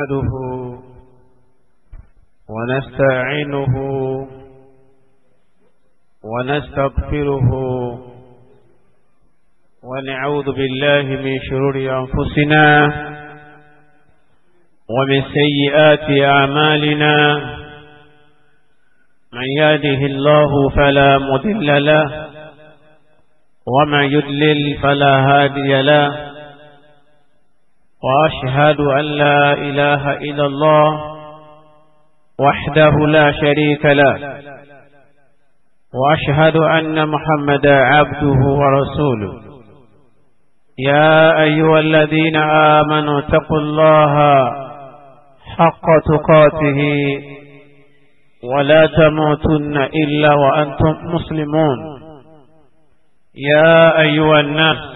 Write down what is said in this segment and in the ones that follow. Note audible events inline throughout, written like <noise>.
نحمده ونستعينه ونستغفره ونعوذ بالله من شرور أنفسنا ومن سيئات أعمالنا من يهده الله فلا مضل له ومن يدلل فلا هادي له وأشهد أن لا إله إلا الله وحده لا شريك له وأشهد أن محمد عبده ورسوله يا أيها الذين آمنوا اتقوا الله حق تقاته ولا تموتن إلا وأنتم مسلمون يا أيها الناس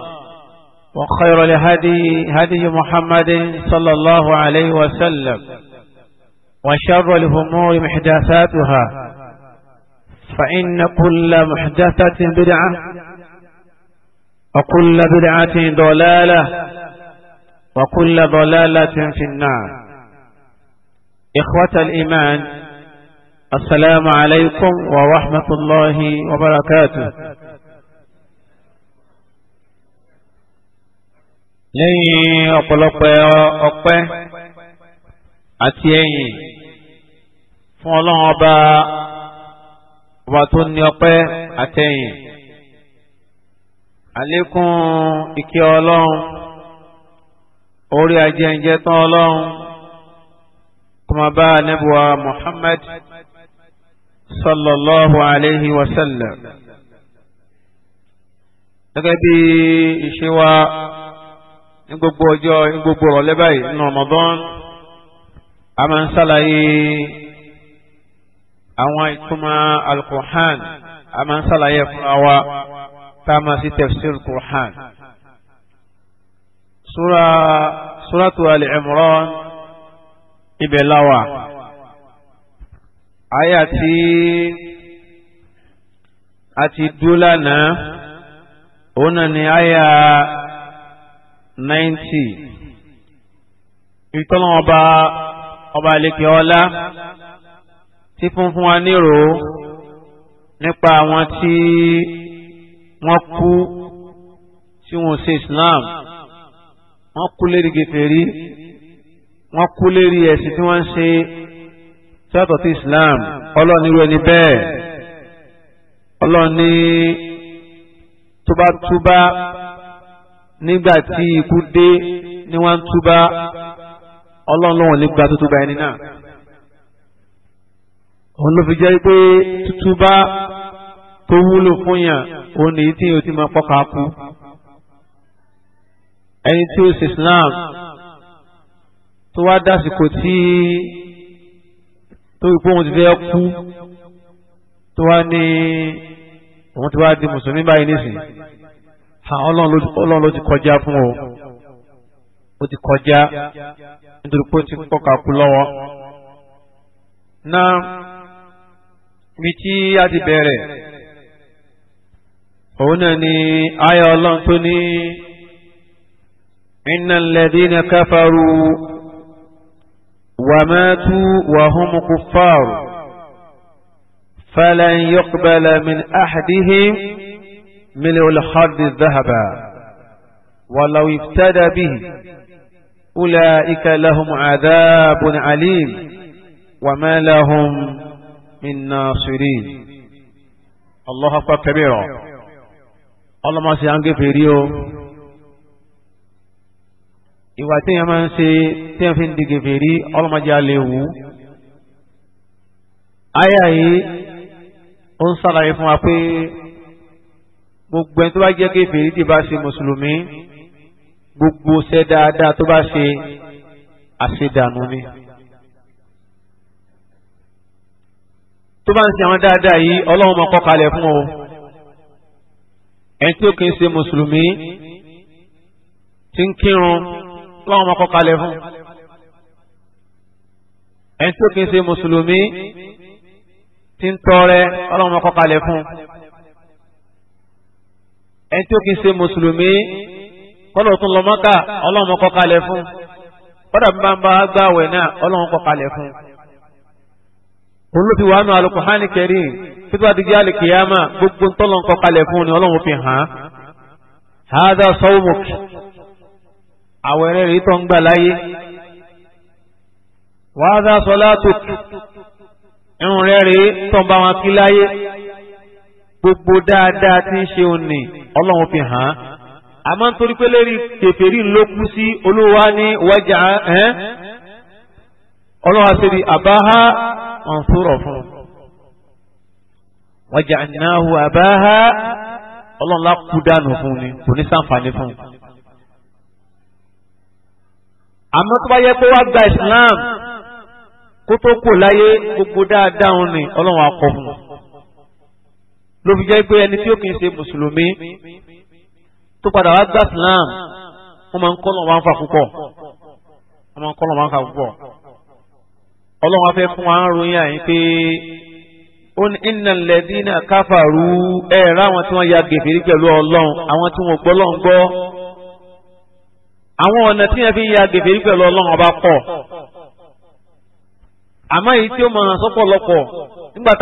وخير لهدي هدي محمد صلى الله عليه وسلم وشر الهمور محدثاتها فإن كل محدثة بدعة وكل بدعة ضلالة وكل ضلالة في النار إخوة الإيمان السلام عليكم ورحمة الله وبركاته lẹ́yìn ọ̀pọ̀lọpọ̀ ọpẹ́ àti ẹ̀yìn fún ọlọ́run ọba ọba tó ní ọpẹ́ àtẹ̀yìn àlékún ìkẹ́ ọlọ́run orí ajẹ́njẹ́ tán ọlọ́run kó máa bá Muhammad sallallahu alayhi wa sallam gẹ́gẹ́ bí ìṣe wa ní gbogbo ọjọ́ ní gbogbo ọ̀rọ̀lẹ́ báyìí nínú Ramadan a máa ń ṣàlàyé àwọn ìtumọ̀ al-Qur'an a máa ń ṣàlàyé fúnra wa tá a máa sí tafsir al-Qur'an. Sura Suratu Al-Imran ibẹ̀ láwà àyà tí a ti òun náà ni àyà ninety ìtọ́nà ọba ọba àlekè ọlá tí funfun wa nírò nípa àwọn tí wọ́n kú tí wọ́n ṣe Islam wọ́n kú lérí gèfèrí wọ́n kú lérí ẹ̀sìn tí wọ́n ń ṣe sọ́tọ̀ tí Islam ọlọ́ọ̀ni rẹ̀ ni bẹ́ẹ̀ ọlọ́ọ̀ni túbátúbá nígbà tí ikú dé ni wọ́n ń túbá ọlọ́run lọ́wọ́n lè gba tútúbá ẹni náà òun ló fi jẹ́ pé tútúbá tó wúlò fún yàn òun nìyí tí yóò ti máa pọ́ka kú ẹni tí ó ṣe Islam tó wá dásìkò tí tó ipò òun ti fẹ́ kú tó wá ní òun ti wá di mùsùlùmí báyìí nísìnyí ọlọ́run ló ti kọjá fún o ó ti kọjá nítorí pé ó ti pọ́ka kú lọ́wọ́. náà mi tí a ti bẹ̀rẹ̀ òun náà ni ayé ọlọ́run tó ní innal ladina kafaru wa matu wa hum kuffaru falan yuqbala min ahadihim. ملء الخرد ذهبا ولو افتدى به أولئك لهم عذاب عليم وما لهم من ناصرين الله أكبر كبيرا الله ما سيانك في ريو ìwà tí yẹn máa ń ṣe tí yẹn fi ń dìgè fèrí ọlọ́mọdé alẹ́ wù áyà yìí ó ń sàlàyé fún wa pé gbogbo ẹni tó bá jẹ́ kèfèrí tí bá ṣe mùsùlùmí gbogbo ṣẹ́ dáadáa tó bá ṣe àṣedànù ni. tó bá ń ṣe àwọn dáadáa yìí ọlọ́run máa kọ́ kalẹ̀ fún ọ ẹni tí ó kì í ṣe mùsùlùmí ti ń kírun ọlọ́run máa kọ́ fún ẹni tí ó kì í ṣe mùsùlùmí ti ń tọrẹ ọlọ́run máa kọ́ fún. ẹni tí ó kì í ṣe mùsùlùmí kọ́lọ̀ tún lọ mọ́kà ọlọ́run kọ́ kalẹ̀ fún kọ́dà bí máa ń bá gbààwẹ̀ náà ọlọ́run kọ́ kalẹ̀ fún. òun ló fi wà nù Al-Qur'ani Karim gbogbo ń ń fún ni ọlọmọ fi hàn án. hadha àwẹ̀ rẹ̀ rí tó ń gbà láyé wa irun rẹ̀ rí ń bá wọn kí láyé. gbogbo dáadáa tí ń ṣe òun ni ọlọ́run fi hàn án àmọ́ nítorí pé lérí kèfèrí ló kú sí olúwa ní wájà ẹ́n ọlọ́run àṣírí àbáhá ọ̀nfúrọ̀ fún un wájà náà àbáhá ọlọ́run lá kú dànù fún un ni kò ní sàǹfààní fún un. àmọ́ tó bá yẹ pé wá gba Islam kó tó kò láyé gbogbo dáadáa òun ọlọ́run á kọ fún un. ló fi jẹ́ pé ẹni tí ó kì ṣe mùsùlùmí tó padà wá gbà Islam wọ́n máa ń kọ́ lọ́wọ́ máa púpọ̀ wọ́n máa ń kọ́ lọ́wọ́ púpọ̀ ọlọ́run afẹ́ fún wa ń ròyìn àyín pé ó ní iná ya gèfèrí pẹ̀lú ọlọ́run àwọn tí wọ́n gbọ́ lọ́n gbọ́ àwọn ọ̀nà tí wọ́n fi ya gèfèrí pẹ̀lú ọlọ́run ọba pọ̀ àmọ́ èyí tí ó sọ́pọ̀lọpọ̀ nígbà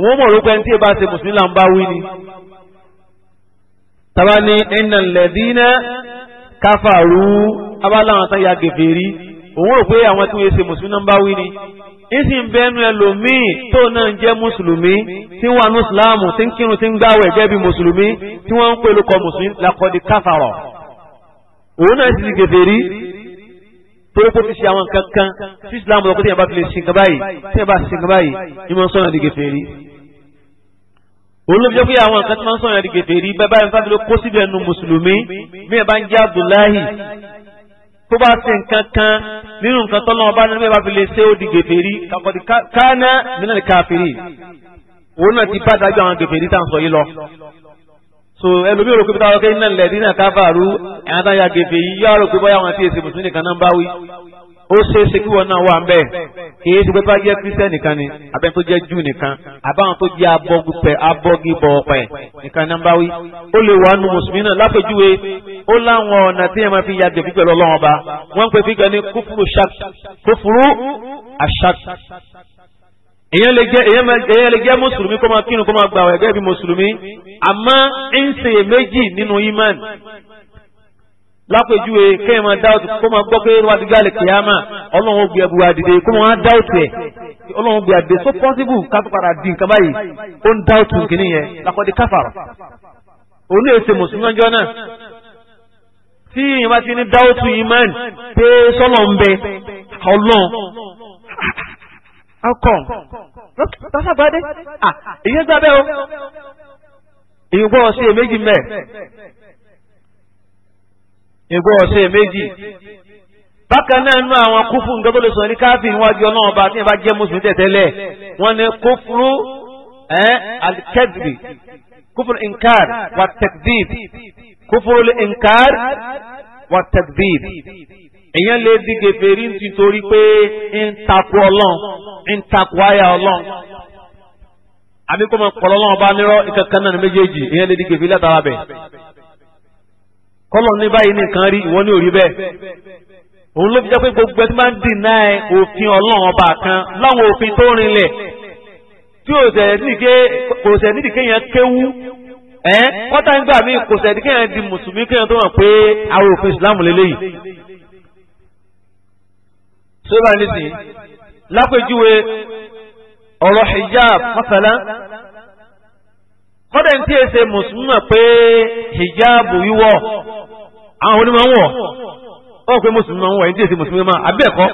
òun mọ̀ lóko ẹni tí ìbá ṣe mùsùlùmí là ń bá wí ni. tàbá ní ẹnà lẹ́dínà káfàrú abáláwọn tán ya gèfèrí òun rò pé àwọn tí wọ́n ṣe mùsùlùmí náà ń bá wí ni. ìsì ń bẹ́nu ẹlòmíì tó náà ń jẹ́ mùsùlùmí tí wọ́n anú ìsìláàmù tí ń kírun tí ń gbáwẹ̀ jẹ́ bí mùsùlùmí tí wọ́n ń pè lóko mùsùlùmí làkọ́dí káfàrọ̀ òun náà ti gèfèrí torí pé fi ṣe àwọn kankan tí islam lọ pé téèyàn bá fi lè ṣe nǹkan báyìí téèyàn bá ṣe nǹkan báyìí ni mo ń sọ̀rọ̀ àdìgẹ̀ fèrè. olóòfin jẹ́ pé àwọn nǹkan tí wọ́n ń sọ̀rọ̀ àdìgẹ̀ fèrè bẹ́ẹ̀ báyìí nípa tó kó síbi ẹnu mùsùlùmí bí ẹ bá ń jẹ́ abdullahi tó bá ṣe nǹkan kan nínú nǹkan tọ́lọ́ ọba ní bá fi lè ṣe ó di gèfèrí kàkọ́dí kánà mìíràn káfírí òun náà ti bá dájú àwọn gèfèrí tá à ń sọ yìí lọ so ẹlòmí ò rò pé báwọn kéyìn náà lẹ́ẹ̀dí náà káfàárù ẹ̀hán táyà gèfè yìí yóò rò pé báyà wọn ti èsì mùsùlùmí nìkan náà ń bá wí ó ṣeé ṣe kí wọn náà wà ń bẹ kì í ṣe pé bá jẹ́ kírísítẹ́ nìkan ni abẹ́ni tó jẹ́ jù nìkan àbáwọn tó jẹ́ abọ́gupẹ̀ abọ́gibọ̀ ọ̀pẹ̀ nìkan náà ń bá wí ó lè wà nù mùsùlùmí náà lápèjúwe ó láwọn ọ̀nà tí yẹn fi yàgò fífẹ́ lọ́wọ́ ọba èyàn lè jẹ́ èyàn máa èyàn lè jẹ́ mùsùlùmí kó máa kírun kó máa gbààwẹ̀ gẹ́gẹ́ bí mùsùlùmí àmọ́ ń ṣe méjì nínú imán lápèjúwe kéèyàn máa dáwọ́tì kó máa gbọ́ pé wàá dìgbà lè kíyámà ọlọ́run gbé ẹbùwà dìde kó máa dáwọ́tì ẹ̀ ọlọ́run gbé àdìde so possible ká tó padà di nǹkan báyìí ó ń dáwọ́tì kìíní yẹn lakọ́dí káfàrà òun lè ṣe mùsùlùmí ọjọ́ náà tí èèyàn bá ti ní dáwọ́tì imán pé sọ́lọ́ ń bẹ ọkọ̀ lọ́sàgbádé èyí gbábẹ́ o èyí gbọ́ ọ̀sẹ̀ méjì mẹ́ èyí gbọ́ ọ̀sẹ̀ méjì bákan náà nú àwọn kúfù nǹkan tó lè sọ ní káfí níwájú ọlọ́run ọba tí yẹn bá jẹ́ mùsùlùmí tẹ̀tẹ́lẹ̀ wọ́n ní kófúrú alikẹ́dìbì kófúrú inkar wà tẹ̀dìb kófúrú inkar wà tẹ̀dìb èèyàn lè di gèfèrí nítorí pé ń takò ọlọ́run ń takò àyà ọlọ́run àbí kó mọ pọ̀lọ́ ọlọ́run bá nírọ́ ìkankan náà ní méjèèjì èèyàn lè di gèfèrí látara bẹ̀ kọ́lọ̀ ní báyìí nìkan rí ìwọ ní òrí bẹ́ẹ̀ òun ló fi jẹ́ pé gbogbo ẹtí máa ń dìnnà òfin ọlọ́run ọba kan láwọn òfin tó rinlẹ̀ tí kò sẹ̀ nídìí kéèyàn kéwú ẹ́ wọ́n ń gbà mí kò sẹ̀ nídìí kéèyàn di mùsùlùmí kéèyàn tó hàn pé àwọn òfin ìsìlámù lélẹ́yìí tó bá nísìnyí lápèjúwe ọ̀rọ̀ hijab mọ́sálá kọ́dẹ̀ tí èsè mùsùlùmí pé hijab wíwọ̀ àwọn onímọ̀ wọ̀ ó pé mùsùlùmí wọ̀ ẹni tí èsè mùsùlùmí máa abẹ́ẹ̀kọ́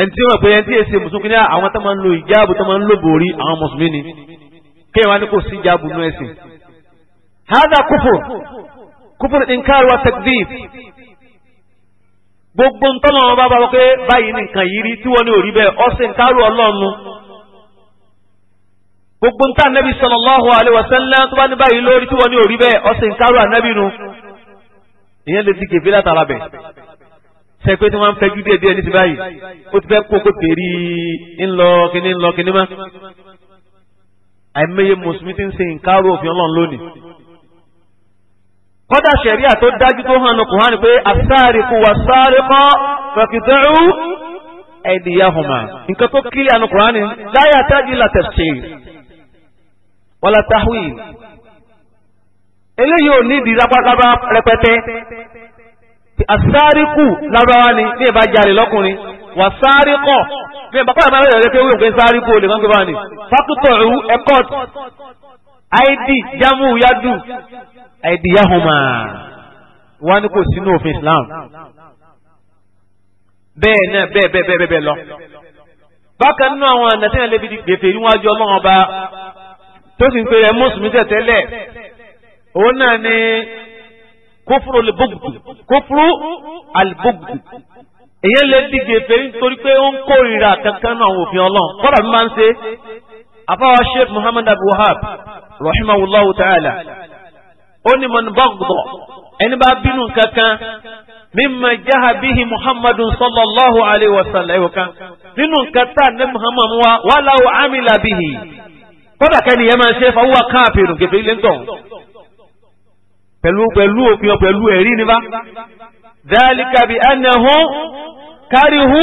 ẹni tí wọ́n pé ẹni tí èsè mùsùlùmí ní àwọn tó máa ń lo hijab tó máa ń lo bòrí àwọn mùsùlùmí ni kéèyàn wá ní kò sí hijab nú ẹ̀sìn. hádà kúfùr kúfùr inkar wa takdhib gbogbo ń tọ́lọ́ wọn bá bá pé báyìí nìkan yìí rí tí wọ́n ní òrí bẹ́ẹ̀ ọ̀sẹ̀ ń kárò ọlọ́run gbogbo ń tà nẹ́bí sallallahu alaihi wasallam tó bá ní báyìí lórí tí wọ́n ní òrí bẹ́ẹ̀ kárò ànábì nu ìyẹn lè ti kèfé látara bẹ̀ ṣe pé tí wọ́n ń fẹ́ júdíẹ̀ díẹ̀ ní ti báyìí ó ti fẹ́ kó kó pèrí ńlọ àìmọye mùsùlùmí ti ń ṣe ìkárò òfin ọlọ́run lónìí kọ́dà ṣẹ̀ríà tó dájú tó hànú kùhánì pé àsáàrìkù wà sáàrìkọ́ fẹ̀kìtẹ́rù ẹ̀dìyàhùmá nǹkan tó kílì ànú kùhánì láyà tájì la tafsir wala tahwil eléyìí ò ní ìdí rápárápá rẹpẹtẹ àsáàrìkù lábáwá ni ní ìbá jàre lọ́kùnrin wà sáàrìkọ́ ní ìbá pàdé máa rẹ̀ pé pé sáàrìkù gbé bá àìdíyàhùnmá wọn ni kò sínú òfin Islam bẹ́ẹ̀ náà bẹ́ẹ̀ bẹ́ẹ̀ bẹ́ẹ̀ bẹ́ẹ̀ lọ. bákan nínú àwọn ọ̀nà tí gbèfè níwájú ọlọ́run ọba tó sì ń pe ẹ̀ mùsùlùmí tẹ̀tẹ́lẹ̀ òun náà ni kófúrú alibogbo kófúrú alibogbo èyàn lè gbèfè nítorí pé ó ń kórìíra kankan náà òfin ọlọ́run kọ́dà bí máa ń ṣe àfáwá Sheikh Muhammad Abdul Wahab rahimahullahu ta'ala ó ní mọ̀nbọ́gbọ̀ ẹni bá bínú kankan mímọ jáha bíhi muhammadu sallallahu alayhi wa sallam ẹ̀wọ̀ kan nínú nǹkan tá ní muhammadu wa wàláwo amila bíhi kódà kẹ́ni yẹn máa ṣe fọwọ́ káàpìrù gèdè ilé ń tọ̀ pẹ̀lú pẹ̀lú òfin pẹ̀lú ẹ̀rí ni bá dhalika bi annahu karihu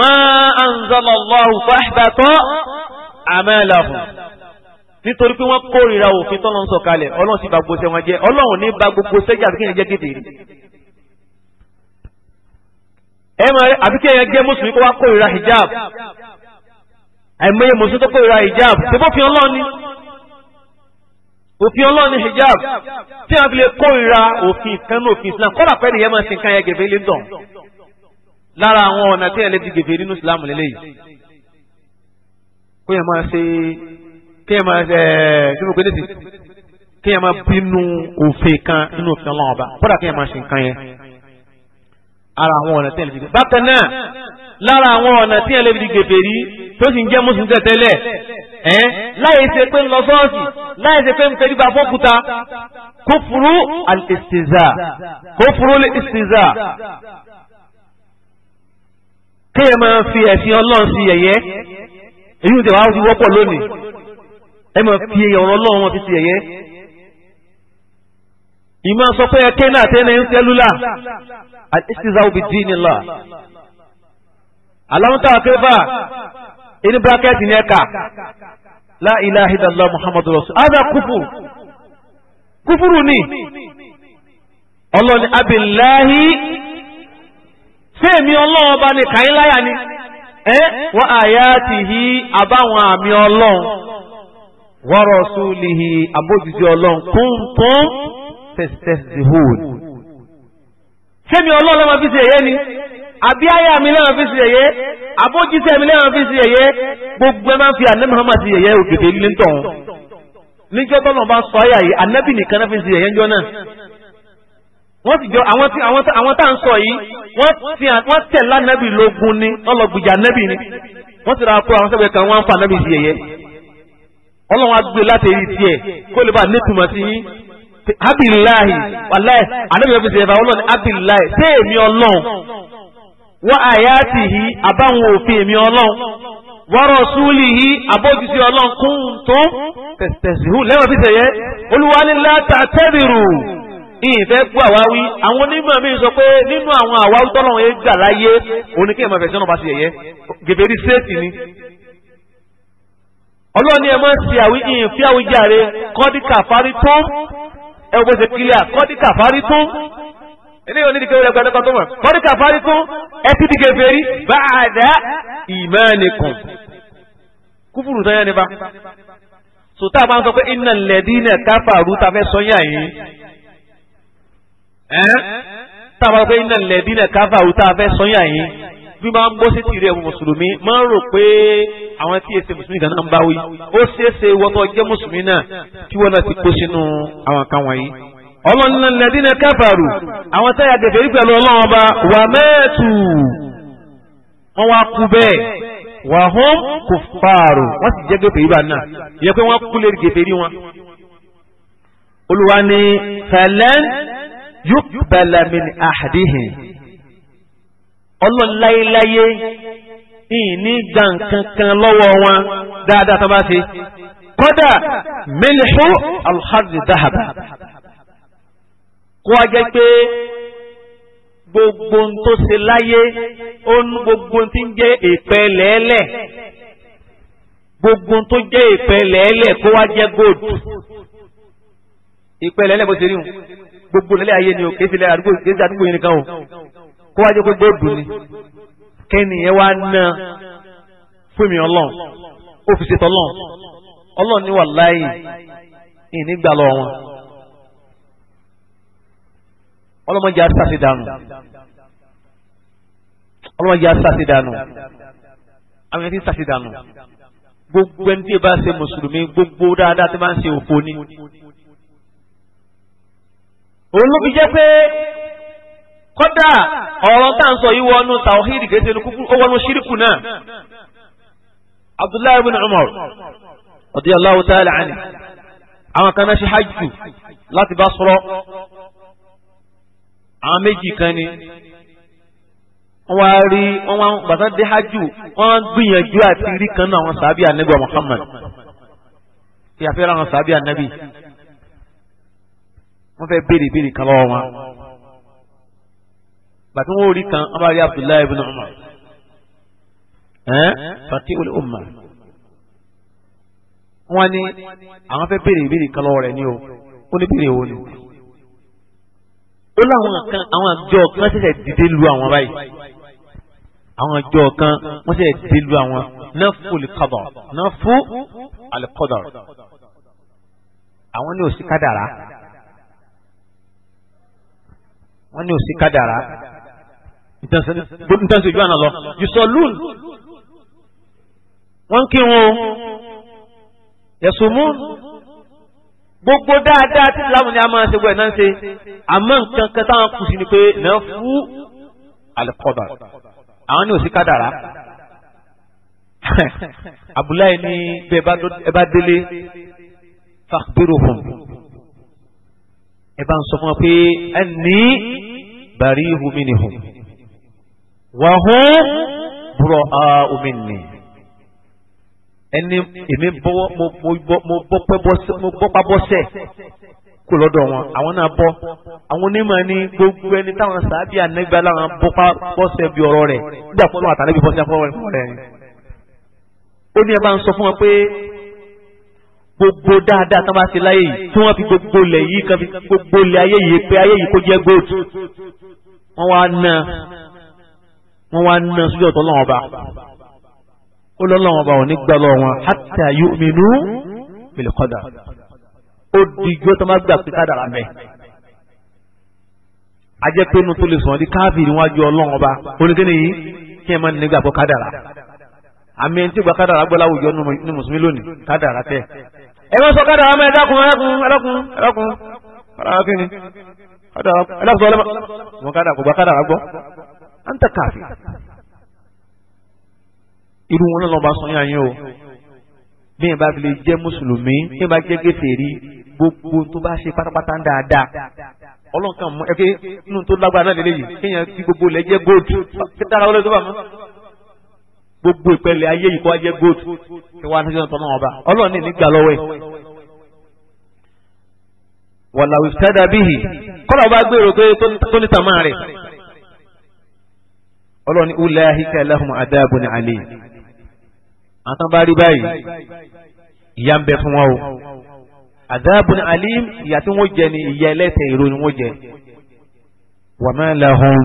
ma anzalallahu fahbata amalahum nítorí pé wọ́n kórìíra òfin tọ́lọ́ ń sọ kalẹ̀ ọlọ́run sì bà gbogbo sẹ́wọ̀n jẹ́ ọlọ́run ní bà gbogbo sẹ́jà àti kéèyàn jẹ́ kékeré. ẹ máa rẹ àbí kéèyàn jẹ́ mùsùlùmí kó wá kórìíra hijab àìmọye mùsùlùmí tó kórìíra hijab tẹ́fọ́ fi ọlọ́run ni òfin ọlọ́run ni hijab tí wọ́n fi lè kórìíra òfin kan òfin islam kọ́lá pẹ́ nìyẹn máa sin kan yẹn gèfè lẹ́dọ̀n lára àwọn ọ̀nà tí yẹn lè di gèfè nínú islam lélẹ́yìí kó yẹn máa ṣe kéèyàn máa ẹ kí ló pé létí kéèyàn máa bínú òfin kan nínú òfin ọlọ́run ọba kódà kéèyàn máa ṣe nǹkan yẹn ara àwọn ọ̀nà tẹ́lẹ̀ fi bákan náà lára àwọn ọ̀nà tí ẹ̀ lè fi gbèbè rí tó sì ń jẹ́ mùsùlùmí tẹ̀tẹ̀lẹ̀ ẹ̀ láì ṣe pé ń lọ sọ́ọ̀sì láì ṣe pé ń tẹríba fọ́kúta kufru al-istiza kufru al-istiza kéèyàn máa fi ẹ̀sìn ọlọ́run sí yẹ̀yẹ́ èyí ò ẹ máa fi ọ̀rọ̀ ọlọ́run wọn fi ti ẹ̀yẹ. ìmọ̀ sọ pé ẹkẹ́ náà tẹ́lẹ̀ ń sẹ́lúlà àìsíza òbí dín ní lọ. aláwọ̀ntà akẹ́fà inú bírákẹ́tì ní ẹ̀ka la ilaha muhammadu rasul. ada kúfùrù kúfùrù ni ọlọ́ni abiláhi sẹ́ẹ̀mí ọlọ́run ni kàyínláyà ni ẹ wọ́n àyà tìhí àmì ọlọ́run. wa rasulihi abójútì ọlọ́run kuntum tastehzi'un. sẹ́mi ọlọ́run máa fi ṣe èyẹ ni àbí àyà mi lẹ́wọ̀n fi ṣe èyẹ abójútì mi lẹ́wọ̀n fi ṣe èyẹ gbogbo ẹ fi àná Muhammad ṣe èyẹ òkèdè nítọ̀hún. níjọ́ tọ́lọ̀ bá sọ àyà yìí ànábì nìkan náà fi ṣe èyẹ ńjọ́ náà. wọ́n ti jọ àwọn tá à ń sọ yìí wọ́n tẹ̀ lánàbì lógun ni ọlọ́gbìjà nábì ni wọ́n ti ra kó àwọn sẹ́gbẹ̀ẹ́ kan wọ́n ọlọ́run agbé láti rí tiẹ̀ kó lè bá nítumọ̀ sí yín abiláhi wàláì ànábì ọ̀fíìsì ẹ̀fà ọlọ́run abiláhi ṣé èmi ọlọ́run wọ́n àyà ti hí àbáwọn òfin èmi ọlọ́run wọ́rọ̀ súlì hí àbójútì ọlọ́run kún tó tẹ̀síhù lẹ́wọ̀n fíṣẹ̀ yẹ olúwalélá tàtẹ́bìrù ìfẹ́ gbọ́ àwáwí àwọn onímọ̀ mi sọ pé nínú àwọn àwáwí tọ́lọ́run yẹn gbà láyé oníkẹ́yẹ̀mọ̀ fẹ̀sẹ̀ náà bá ti yẹ̀yẹ́ gèbèrè séètì ni ọlọ́ọ̀ni ẹ̀ máa ń ṣe àwíjì ìfẹ́ àwíjàre kọ́díkà fárí tó ẹ wọ́n ṣe kílíà kọ́díkà fárí tó ilé ìwé onídìgbé wọlé gbẹdẹ kan tó mọ̀ kọ́díkà fárí tó ẹ ti dìgbè fèrí bá a dá ìmánìkùn kúfùrù tó yẹn nípa sòtá máa ń sọ pé iná lẹ́dínà káfàrú ta fẹ́ sọ́yà yìí tá a máa sọ pé iná lẹ́dínà káfàrú ta fẹ́ sọ́yà yìí bí máa ń gbọ́ sí tìrẹ ẹ̀wọ̀n mùsùlùmí máa ń rò pé àwọn tí èsè mùsùlùmí ìdáná ń bá wí ó ṣeéṣe wọ́tọ̀ jẹ́ mùsùlùmí náà tí wọ́n náà ti kó sínú àwọn kan wọ̀nyí. ọlọ́run náà lẹ́dí náà káfàrù àwọn táyà gẹ̀gẹ̀ rí pẹ̀lú ọlọ́run ọba wà mẹ́ẹ̀tù wọ́n wá kú bẹ́ẹ̀ wà hóm kò fààrù wọ́n sì jẹ́ gẹ̀fẹ̀ yìí bá náà yẹ pé wọ́n kú lè gẹ̀fẹ̀ rí wọn. olùwà ni yóò bẹ̀lẹ̀ mi ní àdéhìn ọlọ́láyéláyé ìní gba nǹkan kan lọ́wọ́ wọn dáadáa tó bá ṣe kódà mẹ́lẹ̀ṣọ́ alhazi dáhàbà kó a jẹ́ pé gbogbo ń tó ṣe láyé ó ń gbogbo tí ń jẹ́ èpẹ́ lẹ́ẹ̀lẹ̀ gbogbo tó jẹ́ èpẹ́ lẹ́ẹ̀lẹ̀ kó wá jẹ́ gold èpẹ́ lẹ́ẹ̀lẹ̀ bó ṣe rí wọn gbogbo lẹ́lẹ̀ ayé ni o kì í ṣe àdúgbò yìí nìkan o kó wá jẹ́ kó gbóòdù ni kẹ́nìyẹn wá ná fún mi ọlọ́run ó fi ṣètò ọlọ́run ọlọ́run ní wàláyé ìnígbà lọ wọn ọlọ́mọdé aṣàṣìdànù ọlọ́mọdé aṣàṣìdànù àwọn ẹni tí aṣàṣìdànù gbogbo ẹni tí ì bá ṣe mùsùlùmí gbogbo dáadáa tí máa ń ṣe òfò ni òun ló fi jẹ́ pé kódà ọ̀rọ̀ tá à ń sọ yìí wọnú tawhid gẹ́sẹ̀ ní kúkú ó wọnú ṣírìkù náà abdullahi ibn umar radiyallahu ta'ala anhu àwọn kan náà ṣe hajj láti bá sọ̀rọ̀ àwọn méjì kan ni wọ́n wá rí wọ́n wá bàtà dé hajj wọ́n gbìyànjú àti rí kan náà àwọn sàbí anabi muhammad ìyàfẹ́ ra àwọn sàbí anabi wọ́n fẹ́ béèrè béèrè kan wọn bàtí wọn ò rí kan ọba rí abdullahi ibn umar fati ul umma wọn ni àwọn fẹ́ béèrè ìbéèrè kan lọ́wọ́ rẹ̀ ni o ó ní béèrè wo ni ó láwọn kan àwọn àjọ kan ṣẹ̀ṣẹ̀ dìde lu àwọn báyìí àwọn àjọ kan wọ́n ṣẹ̀ṣẹ̀ dìde lu àwọn náà fún olùkọ́dọ̀ náà fún alùkọ́dọ̀ àwọn ní òsì kádàrá wọ́n ní òsì kádàrá ntẹ́sí ojú àná lọ yusọlún wọ́n ń kí wọn yẹ̀sùnmú gbogbo dáadáa tí láwọn ní a máa ṣe gbọ́ ẹ̀ náà ń ṣe àmọ́ nǹkan kan táwọn kù sí ni pé náà fú alikọ́dà àwọn ní òsì kádàrá <laughs> abúláyé ní bí ẹ bá délé fàkbíròhùn ẹ bá ń sọ fún wọn pé ẹ ní bàrí hùmínìhùn wà hó bùrọ̀ omi nì ẹni mo bọ́ mo bọ́pá bọ́sẹ̀ kó lọ́dọ̀ wọn àwọn náà bọ́ àwọn onímọ̀ ní gbogbo ẹni táwọn sàábì ànẹ́gbẹ́ aláwọn bọ́pá bọ́sẹ̀ bí ọ̀rọ̀ rẹ̀ nígbà pọ́n lọ́wọ́ àtàlẹ́bí bọ́sẹ̀ fọwọ́ rẹ̀ ó ní ẹ bá ń sọ fún wọn pé gbogbo dáadáa tán bá ṣe láyé yìí tí wọ́n fi gbogbo lẹ̀ yìí kan fi gbogbo lẹ̀ ayé yìí pé ayé yìí kó jẹ́ gold wọ́n wá ná wọ́n wá ná sójú ọ̀tọ̀ lọ́wọ́ ọba ó lọ́ lọ́wọ́ ọba ò ní gbà lọ́wọ́ wọn hatta yu'minu bil qadar ó di igbó tó má gbà pé kádàrà mẹ́ ajẹ́ pé inú tó lè sọ̀rọ̀ di káfíìrì níwájú ọlọ́wọ́ ọba oníkéne yìí kí ẹ má nígbà pọ̀ kádàrà àmì ẹni tí gba kádàrà gbọ́ láwùjọ ní mùsùlùmí lónìí kádàrà tẹ ẹ má sọ kádàrà mọ́ ẹ dákun ẹ dákun ẹ dákun kádàrà kí ni kádàrà ẹ dákun sọ ọlọ́mọ wọn kádàrà kò gba kádàrà gbọ́ anta kafir irú wọn lọ́nà ọba sọyún àyàn o bí yẹn bá fi lè jẹ́ mùsùlùmí bí yẹn bá jẹ́ kèfèrí gbogbo tó bá ṣe pátápátá ń dáadáa ọlọ́run kan mọ ẹ̀kẹ́ inú tó lágbára náà lélẹ́yìí kéèyàn tí gbogbo ilẹ̀ jẹ́ gold dára wọlé tó bá mọ́ gbogbo ìpẹ̀lẹ̀ ayé yìí kó wá jẹ́ gold kí wọ́n á ní sọ́nà ọba ọlọ́run ní nígbà lọ́wọ́ ẹ̀. wàlàwì sẹ́dà bíhì kọ́lá ọba gbèrò pé tó ní tàmá rẹ̀ ọlọ́run ní ulahika lahum adabun alim àtàn bá rí báyìí ìyà ń bẹ fún wọn o adabun alim ìyà tí wọ́n jẹ ni ìyà ẹlẹ́tẹ̀ èrò ni wọ́n jẹ wa ma lahum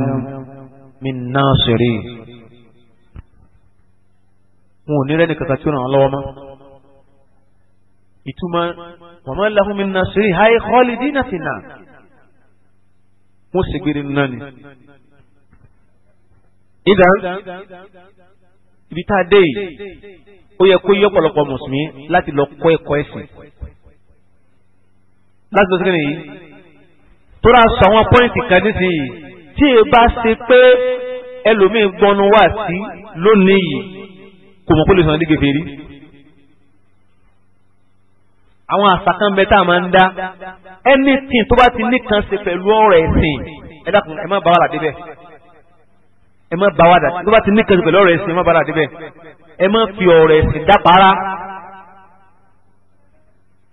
min nasirin wọn ò ní rẹ́ni kankan tí ó ràn wọ́n lọ́wọ́ mọ́ ìtumọ̀ wa ma lahum min nasirin hayé khalidina finna wọ́n sì gbére nínú náà ni ìdá ibi tá a dé yìí ó yẹ kó yí ọ̀pọ̀lọpọ̀ mùsùlùmí láti lọ kọ́ ẹ̀kọ́ ẹ̀sìn láti lọ sí kìnìyí tó rà sọ àwọn pọ́ìntì kan nísìnyí tí e bá ṣe pé ẹlòmíín gbọ́nu wà sí lónìí yìí kò mọ̀ pé lè sàn dígé fèrè àwọn àṣàkàn mẹ́ta máa ń dá anything tó bá ti ní kan ṣe pẹ̀lú ọ̀rọ̀ ẹ̀sìn ẹ dákun ẹ má bá wà ládébẹ̀ ẹ má bá wa dà tó bá ti ní kẹsì pẹ̀lú ọ̀rọ̀ ẹ̀sìn ẹ má bá wa ẹ má fi ọ̀rọ̀ ẹ̀sìn dápara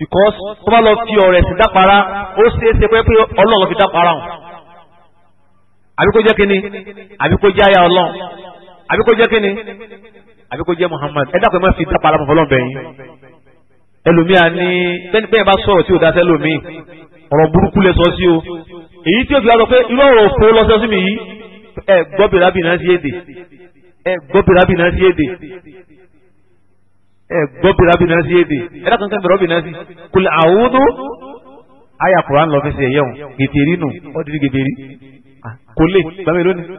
because tó bá lọ fi ọ̀rọ̀ ẹ̀sìn dápara ó ṣe pé pé ọlọ́run fi dápara hàn àbí kó jẹ́ kínní àbí kó jẹ́ àyà ọlọ́run àbí kó jẹ́ kínní àbí Muhammad ẹ dákun ẹ má fi dápara mọ̀ fọlọ́n bẹ̀yìn ẹlòmíà ní bẹ́ẹ̀ bá sọ̀rọ̀ tí ò dáṣẹ́ lòmíì ọ̀rọ̀ burúkú lẹ sọ sí o èyí tí o fi wá sọ pé irú ọ̀rọ̀ òfo lọ sọ sí mi yìí ẹ gbọ́ bìrábì náà sí èdè ẹ gbọ́ bìrábì náà sí èdè ẹ gbọ́ bìrábì náà sí èdè ẹ dákun kẹ́ bìrábì náà sí kul a'udhu àyà Qur'an lọ fi ṣe ẹ̀yẹ̀ wọn gètèrí nù ọdún gètèrí kò lè gbàmí lónìí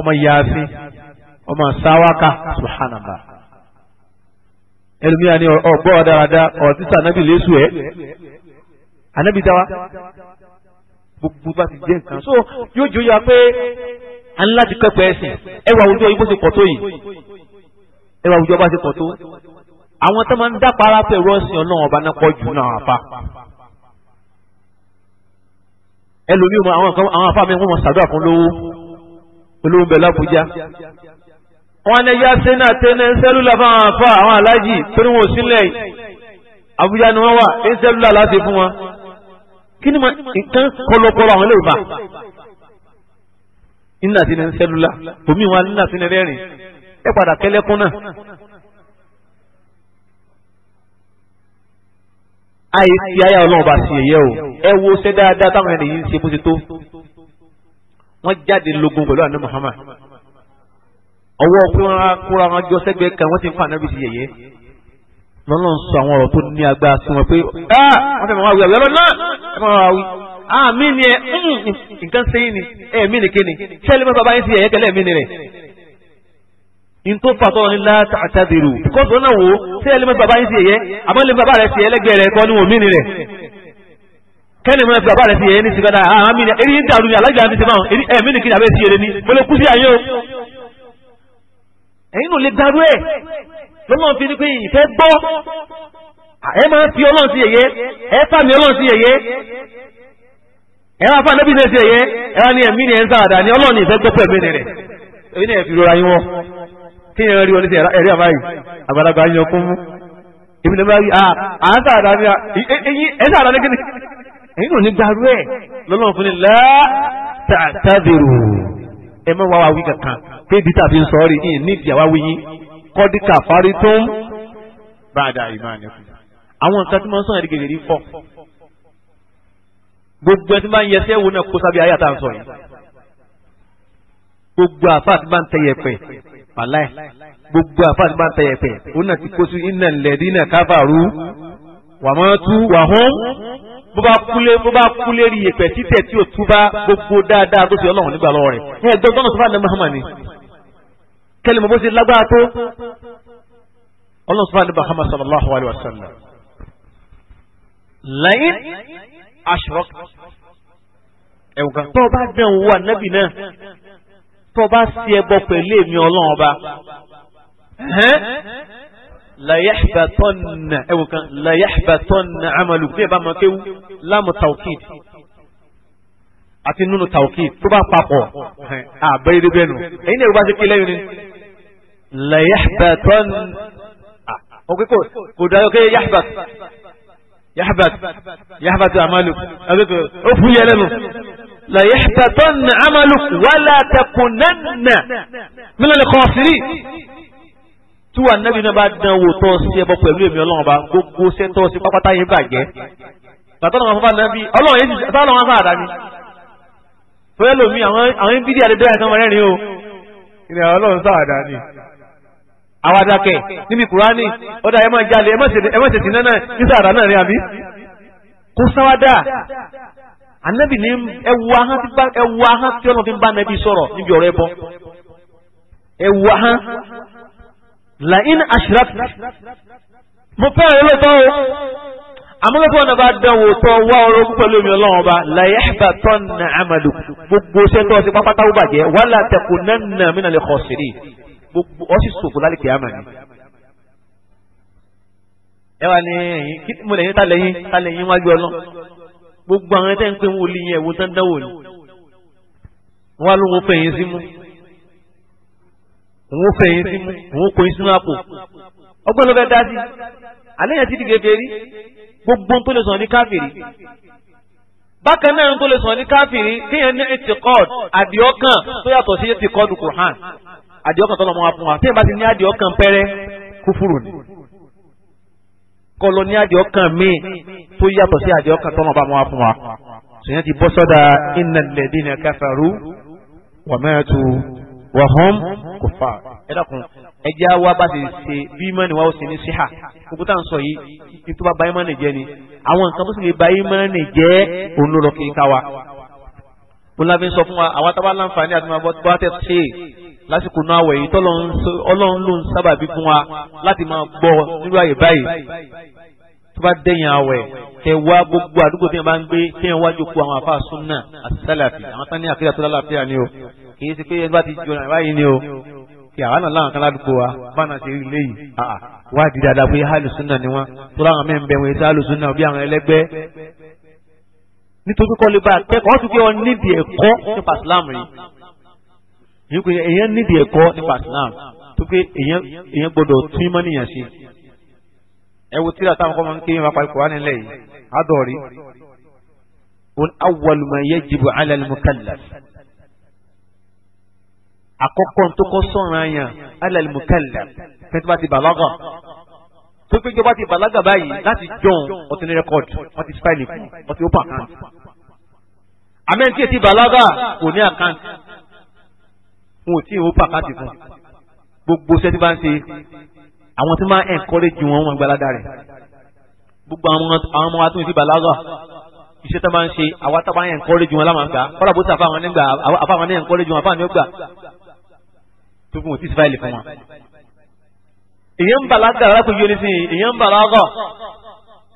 ọmọ yaafi ọmọ sáwáka subhanallah ẹlòmíyàn ni ọgbọ́ dáadáa ọ̀tísà anábì lẹ́sù ẹ̀ anábì dáwà gbogbo bá ti jẹ́ nǹkan so yóò jó ya pé a ní láti kẹ́kọ̀ọ́ ẹwà àwùjọ yìí bó ṣe pọ̀ yìí ẹwà àwùjọ bá ṣe pọ̀ àwọn tó máa ń dápa ara pẹ̀lú ọ̀sìn ọlọ́run ọba náà pọ̀ jù náà àfa ẹlòmíì àwọn àfa mi wọ́n mọ̀ sàdúrà fún lówó olówó ń lábújá wọn ní ya sena tẹnẹ sẹlúlà fún àwọn àfa àwọn aláàjì pé wọn ò sílẹ̀ Àbújá ni wọ́n wà ní sẹlúlà láti fún wọn kí ni ma nǹkan kọlọkọlọ àwọn eléyìí bá nínú àti ní sẹ́lúlà omi wa nínú àti ní rẹ́rìn ẹ e padà kẹlẹ́kún náà. àyè ti ayé ọlọ́run bá sí o ẹ wo ṣe dáadáa táwọn ẹni yìí ń ṣe bó ṣe tó wọ́n jáde lógun pẹ̀lú àná Muhammad ọwọ́ pé wọ́n á kóra wọn jọ sẹ́gbẹ̀ẹ́ kan wọ́n ti ń fa ànábì sí ẹ̀yẹ́ lọ́nà ń sọ àwọn ọ̀rọ̀ tó ní agbára sí wọn pé wọ́n fẹ́ máa wí àwẹ̀ ọlọ́nà ẹ máa wí àmì ni ẹ nǹkan ṣe yín ni ẹ̀mí ni kéne ṣẹ́ẹ́lì mẹ́fà báyìí sí ẹ̀yẹ́kẹ́lẹ́ ẹ̀mí ni rẹ̀ ní tó fàtọ́ ní láti àtàdìrú kọ́sọ̀ náà wò ṣẹ́ẹ́lì mẹ́fà báyìí sí ẹ̀yẹ́ àmọ́ lè bàbá rẹ̀ sí ẹlẹ́gbẹ̀ẹ́ rẹ̀ kọ́ níwọ̀n mí ni rẹ̀ kẹ́lẹ̀ mọ́ bàbá rẹ̀ sí ẹ̀yẹ́ ní sìgádà àmì ni èyí ń dàrú ni alájà mi ti máa ẹ̀mí ni kéne àbẹ́ sí ẹ̀rẹ́ ni mo lè kú sí àyè o ẹ̀yin lọ́lọ́run fi ni pé ìfẹ́ gbọ́ ẹ máa fi ọlọ́run sí yẹ̀yẹ́ ẹ fàmì ọlọ́run sí ẹ wá fàmì ẹbí sí yẹ̀yẹ́ ẹ wá ní ẹ̀mí ni ẹ ń sáàdà ni ọlọ́run ní ìfẹ́ gbọ́ pẹ̀lú ẹ̀mí rẹ̀ èyí fi rora yín kí rí wọn ní àgbàlagbà yín ọkún mú èmi rí à ń ni ẹ sáàdà ni kíni èyí náà ní gbarú ẹ lọ́lọ́run fún ni látàtàdèrò ẹ má kọ́díkà fárí tó ń bàdà ìmánìkùn àwọn nǹkan tí wọ́n sàn ẹ̀rí gègèrè pọ̀ gbogbo ẹtí máa ń yẹsẹ́ wo náà kó sábẹ́ ayé àtàǹsọ yìí gbogbo àfa àti máa ń tẹyẹ pẹ̀ pàláì gbogbo àfa àti máa ń tẹyẹ pẹ̀ òun náà ti kó sí iná lẹ́dí náà káfàrú wàmọ́tú wàhún bó bá kúlé bó bá kúlé rí yẹpẹ̀ títẹ̀ tí ò túbá gbogbo dáadáa tó ọlọ́run nígbà lọ́wọ́ rẹ̀ ẹ̀ mahamani kẹ́lẹ́ mọ̀ bó ṣe lágbára tó ọlọ́run sọ́fà ní Muhammad sallallahu alayhi wa sallam lẹ́yìn aṣọ́rọ́ ẹ̀wùgà tó o bá dẹ̀ ń wà nẹ́bì náà tó o bá sí ẹbọ pẹ̀lú èmi ọlọ́run ọba layaxbatɔnna ɛwɔ kan layaxbatɔnna amalu bí ẹ bá ma kéwu lámù tawkid àti nunu tawkid tó bá papọ̀ àbẹ̀yẹ̀dẹ̀ ẹ̀yin náà ìwé bá ti kí lẹ́yìn ni lẹ́yàbàtọ́n ọkọ̀ kò kò dáyọ̀ kí yàbàt yàbàt yàbàt àmàlù ọkọ̀ ó fún yẹ lẹ́nu lẹ́yàbàtọ́n àmàlù wàlá tẹkùnánà mílíọ̀nù kan sírí tí wà nábì náà bá dán wò tọ́ sí ẹbọ pẹ̀lú èmi ọlọ́run bá gbogbo sẹ́ńtọ́ sí pápátá yẹn bàjẹ́ bàtọ́ náà wọn fà nábì ọlọ́run yẹn ti sọ́ọ́ lọ́wọ́ fà àdáni fẹ́ẹ́ lòmí àwọn bídíà lè dọ́yà sọ́mọ rẹ́rìn o ìrìn àwọn ọlọ́run sọ́ọ́ àdáni àwàdàkẹ̀ níbi kùránì ọ̀dà ẹ̀ máa jalè ẹ̀ máa tètè náà nígbà àrà náà rí àbí. kò sáwádà ànábì ní ẹwu ahán tí ọlọ́run fi ń bá nàbí sọ̀rọ̀ níbi ọ̀rọ̀ ẹbọ ẹwu ahán làyín àṣírà mo fẹ́ràn yín lọ́tọ́ o amúlẹ́fọ́ ọ̀nà bá dánwò tó wá ọ̀rọ̀ ogún pẹ̀lú omi ọlọ́run ọba làyé àbá tó nà àmàlù gbogbo ṣẹ́ńtọ́ sí pápátá ó wàhálà tẹ̀kù náà nà mí gbogbo ọ sì ṣòfò lálẹ́ kìámà ni. ẹ wà ní ẹ̀yìn kí mo lẹ́yìn tá lẹ́yìn tá lẹ́yìn wájú ọlọ́ gbogbo àwọn ẹ̀tẹ́ ń pè wọ́n olùyìn ẹ̀wò tán dánwò ni wọ́n á ló ń fẹ̀yìn sí mú òun fẹ̀yìn sí mú òun kò í sínú àpò ọgbọ́n ló fẹ́ dá sí alẹ́ yẹn ti di kèfèrí gbogbo tó lè sọ ní káfìrí bákan náà tó lè sọ ní káfìrí kéèyàn ní etikọ́d àdìọ́kàn tó yàtọ̀ sí etikọ́d kùrán àdìọ́kàn tọ́lọ́ mọ́ wa fún wa tí ìbá ti ní àdìọ́kàn pẹ́rẹ́ kúfúrú ni kọ́ lọ ní àdìọ́kàn míì tó yàtọ̀ sí àdìọ́kàn tọ́lọ́ bá mọ́ wa fún wa sèyàn ti bọ́ sọ́dà innal ladina kafaru wa matu wa hum kuffar ẹ dákun ẹ jẹ́ àwa bá ti ṣe bí mọ́ni wa ó ṣe ní síhà gbogbo tá à ń sọ yìí ní tó bá ba ìmọ̀nì jẹ́ ni àwọn nǹkan tó sì lè ba ìmọ̀nì jẹ́ òun ló lọ kiri ká wa. mo láfi sọ fún wa àwa tá láǹfààní àti máa bọ́ tẹ́ ṣe é lásìkò náà àwẹ̀ yìí tọ́lọ́run ló ń sábàbí fún wa láti máa gbọ́ nírú àyè báyìí tó bá dẹ̀yìn àwẹ̀ tẹ wá gbogbo àdúgbò tí wọn bá ń gbé tí wọn wájú kó àwọn àfa súnà àti sálàfì àwọn tán ní àkíyà tó lálàáfíà ni o kì í ṣe pé ẹni bá ti jọ báyìí ni o kì àwọn náà ládùúgbò wa báwọn ṣe rí léyìí àà wá di dáadáa pé hálù súnà ni wọn tó láwọn mẹ́rin bẹ̀rù ètò hálù súnà bí àwọn ẹlẹ́gbẹ́ nítorí kọ́lé bá akẹ́kọ̀ọ́ tó gbé ọ nídìí ẹ̀kọ́ nípa yìí pé èèyàn nídìí ẹ̀kọ́ nípa Islam tó pé èèyàn gbọ́dọ̀ tún mọ́ nìyẹn ṣe ẹ wo tíra táwọn kọ́ máa ń ké yẹn máa parí Kùránì nílẹ̀ yìí adọ̀rí wọn awwalu ma yajibu ala al àkọ́kọ́ tó kọ́ sọ̀rọ̀ àyàn ala al fẹ́ẹ́ tó bá ti bàlágà tó pé jọba ti bàlágà báyìí láti jọ̀hún ọtí ní rẹ́kọ̀dì ọtí spáìlì fún ọtí ó pàkàn àmẹ́ntì ti bàlágà kò ní àkáǹtì wọn ò tí ì hó pàkátì fún gbogbo sẹ́tí bá ń ṣe àwọn tí máa ń encourage wọn wọn gbalada rẹ̀ gbogbo àwọn ọmọ wa tó ń fi bàlágà iṣẹ́ tó máa ń ṣe àwa tó máa ń encourage wọn láwọn gbà kọ́lá bó ti àfa àwọn nígbà àfa àwọn ní encourage wọn àfa àwọn ní gbà tó fún wọn tí ìsìfáìlì fún wọn. èèyàn ń bàlágà alákòóyè ní sìn èèyàn ń bàlágà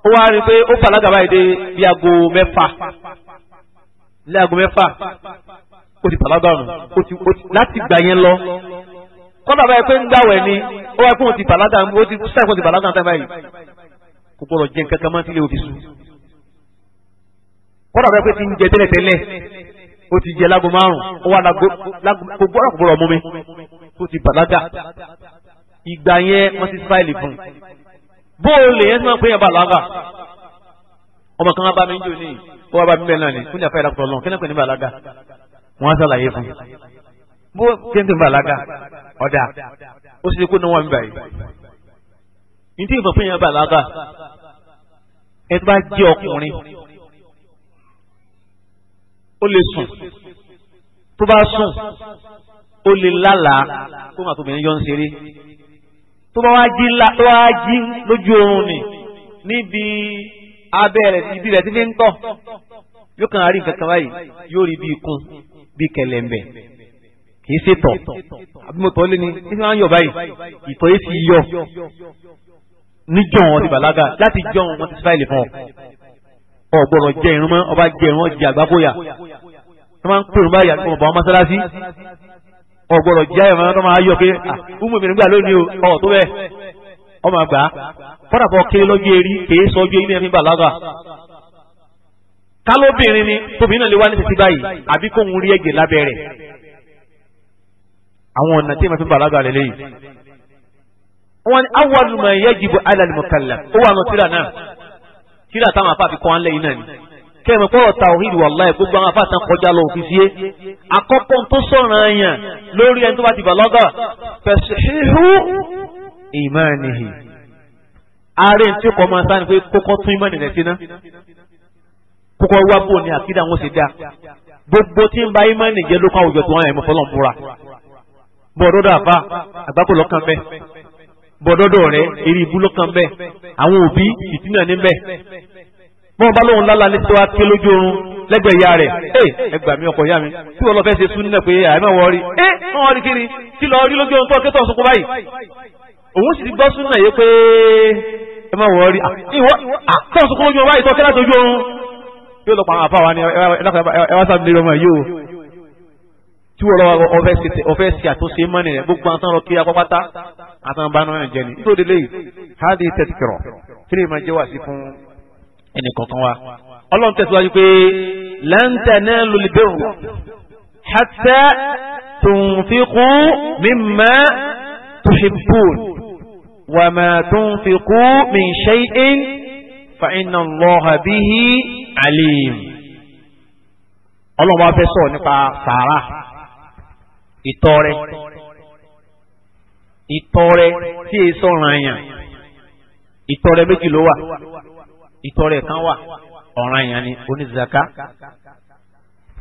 ó wá rí i pé ó bàlágà báyìí dé bí aago mẹ́fà O ti bàlágà nù ó ti láti gbà yẹn lọ kọ́ńtà báyìí pé ń gbàwẹ̀ ni ó wáyé fún ti bàlágà o ti sáyẹ̀ fún ti bàlágà tá báyìí kò gbọ́dọ̀ jẹ nǹkan kan mọ́ sílé òfìsù kọ́ńtà báyìí pé ti ń jẹ tẹ́lẹ̀tẹ́lẹ̀ ó ti jẹ lágo márùn ó wà lágo kò gbọ́dọ̀ kò gbọ́dọ̀ mú mi ó ti bàlágà ìgbà yẹn wọ́n ti fáìlì fún un o lè yẹn tí wọ́n pè yẹn bàlágà ọmọ kan bá mi ń jò ní ó wá bá mi bẹ́ẹ̀ náà ni kúndà fáìlì àkùtọ̀ wọ́n ṣàlàyé fún bó kéńtì ń bàlágà ọ̀dà ó sì kó níwọ̀n bíbà yìí ní tí ìfọ̀pẹ́ yẹn bàlágà ẹ tó bá jẹ́ ọkùnrin ó lè sùn tó bá sùn ó lè lálàá kó màtó obìnrin yọ ń ṣeré tó bá wá jí lójú oorun ni níbi abẹ́ rẹ̀ ibi rẹ̀ ti fi ń tọ̀ yóò kàn á rí nǹkan kan báyìí yóò rí bí ikún bí kẹlẹ̀mbẹ̀ kìí ṣe tọ̀ abimọ̀tọ́ lé ní ṣé wọ́n á yọ̀ báyìí ìtọ̀ yìí ti yọ níjọ̀n wọn ti bàlágà láti jọ̀n wọn ti fáìlì fún ọ ọ̀gbọ̀nọ̀ jẹ irun mọ́ ọba jẹ irun ọjì àgbákòyà wọ́n máa ń pè irun báyà kí wọ́n bá wọn mọ́sálásí ọ̀gbọ̀nọ̀ jẹ irun mọ́ ọba ayọ̀ pé ọmọ mi nígbà lónìí o ọ̀ tó bẹ́ẹ̀ ọmọ àgbà fọ́dà fọ́ kéré lọ́jọ́ erí kèé sọ́jọ́ ilé ẹ̀mí bàlágà kálóbìnrin ni tóbìnrin náà lè wá ní títí báyìí àbí kó ń rí ẹ̀jẹ̀ lábẹ́ rẹ̀ àwọn ọ̀nà tí ma fi bàlágà lè léyìí. wọ́n ní awwalu ma yajibu ala al-mukallaf ó wà nù tíra náà tíra táwọn afá fi kọ́ án lẹ́yìn náà ni. kẹ́mi kọ́ ọ̀tà òhìn wallahi gbogbo àwọn afá tán kọjá lọ òfin sí àkọ́kọ́ tó sọ̀rọ̀ ẹ̀yàn lórí ẹni tó bá ti bàlágà fasihihu imanihi. ààrẹ tí kókó wá bò ní àkídà wọn ṣe dá gbogbo tí ń ba imáni jẹ ló kọ àwùjọ tó wọn yẹn mọ fọlọ́n búra bọ́ọ̀dọ́dọ̀ àfa àgbákò lọ́kàn bẹ́ẹ̀ bọ́ọ̀dọ́dọ̀ rẹ eré ibú lọ́kàn bẹ́ẹ̀ àwọn òbí ìtìnà níbẹ̀ bọ́ọ̀ bá lóun lálá ní tiwa ké lójú oorun lẹ́gbẹ̀ẹ́ ìyá rẹ̀ ẹgbà mi ọkọ̀ ìyá mi kí wọ́n lọ fẹ́ ṣe sún nílẹ̀ pé àìmọ̀ wọ́n rí ẹ wọ́n wọ́n rí kiri kí lọ rí lójú oorun tó kétọ̀ sunkún báyìí òun sì ti gbọ́ sún náà yé pé ẹ má ah, wọ́n ah, rí lójú oorun báyìí tó kẹ́lá tó ojú oorun yóò lọ pa àwọn àfáwa ní ẹwà sábẹ́ lórí ọmọ yìí o tí wọ́n lọ ọfẹ́ sí àtúnṣe mọ́ni rẹ̀ gbogbo àtàn lọ kí apápátá àtàn bá náà jẹ ni nítorí lẹ́yìn hádi tẹ̀síkìrọ̀ kí ni ìmọ̀ jẹ́ wà sí fún ẹnì kọ̀ọ̀kan wa ọlọ́run tẹ̀síwájú pé lẹ́ńtẹ̀ náà lulẹ̀ bẹ́rù hàtẹ́ tunfiqu mimma tuhibbun wàmà tunfiqu min shay'in fa'inna Allaha bihi alim ọlọ́run bá fẹ́ sọ̀rọ̀ nípa sàárà ìtọrẹ ìtọrẹ tí èyí sọ̀rọ̀ àyàn ìtọrẹ méjì ló wà ìtọrẹ kan wà ọ̀ràn àyàn ni onízaka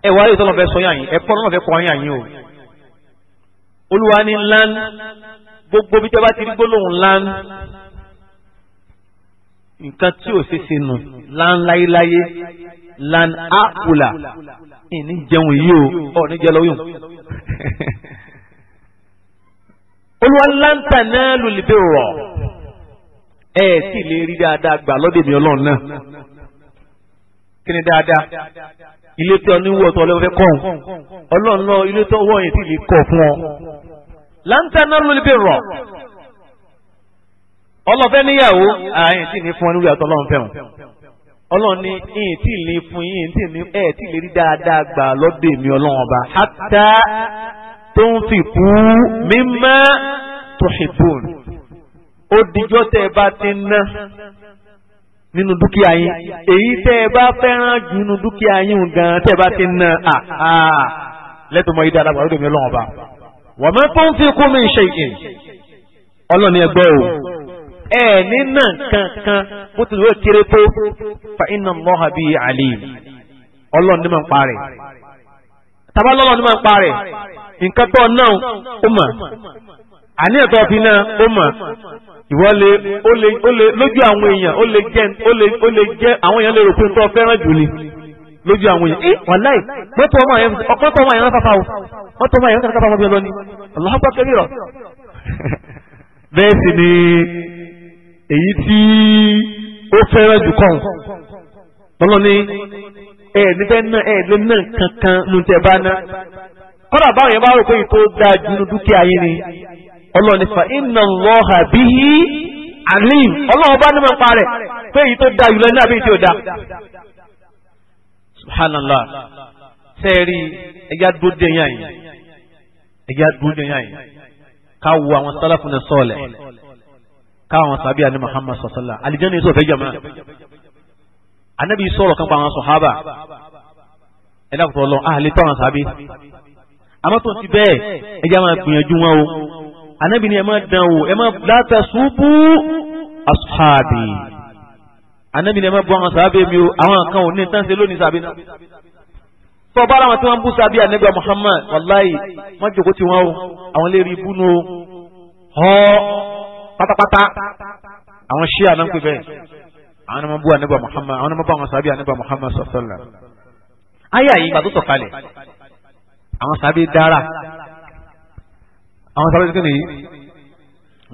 ẹ wá lè tọ́lọ̀ fẹ́ sọ yàn yín ẹ kọ́ lọ́nà fẹ́ kọ́ yàn yín o olúwa ní ńlá gbogbo bí tẹ́ bá ti rí gbólóhùn ńlá nǹkan tí ò ṣe ṣe nù láńláyéláyé lan ápùlà ìní jẹun yìí o ọ ní jẹ lọ́wọ́ yìí. <laughs> olúwa láǹtà náà lùlùbẹ́ rọ̀ ẹ sì lè rí dáadáa gbà lọ́dẹ̀ mi ọlọ́run náà kí ni dáadáa ilé tí oníwọ̀ tó ọlọ́wọ́ fẹ́ kọ́ ọ̀hún ọlọ́run náà ilé tó wọ̀ yẹn ti lè kọ̀ fún ọ. láǹtà náà lùlùbẹ́ rọ̀ ọlọ́fẹ́ níyàwó àyìn tí ní fún ọ níwèé àtọ́ ọlọ́run fẹ́ràn ọlọ́run ní ìyìn tí lè fún yìnyín tí ní ẹ̀ tí lè rí dáadáa gbà lọ́dọ̀ èmi ọlọ́run ọba hátà tó ń fi kú mímọ́ tó ṣe bùn ó dijọ́ tẹ́ ẹ bá ti ná nínú dúkìá yín èyí tẹ́ ẹ bá fẹ́ràn jù nínú dúkìá yín gan tẹ́ ẹ bá ti ná lẹ́tọ̀ọ́ mọ́ yìí dáadáa gbà lọ́dọ̀ èmi ọlọ́run ọba wọ́n tó ń fi kú mi ṣe ìkìn ọlọ́run ní ẹgbẹ́ o ẹ nínà kankan bó ti lóye kéré tó fa inna Allaha bi alim ọlọ́run ní ma ń parẹ́ tàbá lọ́lọ́run ní ma ń parẹ́ nǹkan tó náà ó mà àníyàn tó fi náà ó mà ìwọ lè ó lè ó lè lójú àwọn èèyàn ó lè jẹ ó lè ó lè jẹ àwọn èèyàn lè rò pé nǹkan fẹ́ràn jù ni lójú àwọn èèyàn. ee wàláì mọ́tò ọmọ yẹn ọkọ̀tọ̀ ọmọ yẹn fáfá o mọ́tò ọmọ yẹn kàkà fáfá bí ọlọ́ni ọlọ́pàá kẹ́rì rọ. <laughs> bẹ́ẹ̀ sì ni èyí tí ó fẹ́ràn jù kàn lọ́lọ́ ẹ̀ níbẹ̀ náà ẹ̀ lé kankan ló ń tẹ̀ bá ná báwọn yẹn bá rò pé ètò dáa jù dúkìá yín ni ọlọ́run fa inna bihi alim ọlọ́run bá ní pa rẹ̀ pé èyí tó àbí subhanallah ẹ̀yà káwọn sábì àni Muhammad sọ̀sọ́là àlìjánnà yìí sọ̀fẹ́ jama anabi sọ̀rọ̀ kan pa àwọn sọ̀hábà ẹ dákòtò lọ àlè tó àwọn sábì àmọ́ tó ti bẹ́ẹ̀ ẹ jẹ́ máa gbìyànjú wọn o anabi ni ẹ máa dán o ẹ máa láta ṣubú asuhaabi anabi ni ẹ máa bu àwọn sábì mi o àwọn kan ò ní tán ṣe lónìí sábì náà tó bá ara tí wọn bú sábì anabi Muhammad wàláyé wọn jòkó tiwọn o àwọn lè rí ibú pátápátá àwọn ṣíà náà ń pè bẹ́ẹ̀ àwọn ọmọ bú anábà Muhammad àwọn ọmọ bá àwọn sábẹ́ anábà Muhammad sọ̀tọ́lá. ayé àyè ìgbà tó sọ̀kalẹ̀ àwọn sábẹ́ dára àwọn sábẹ́ kékeré yìí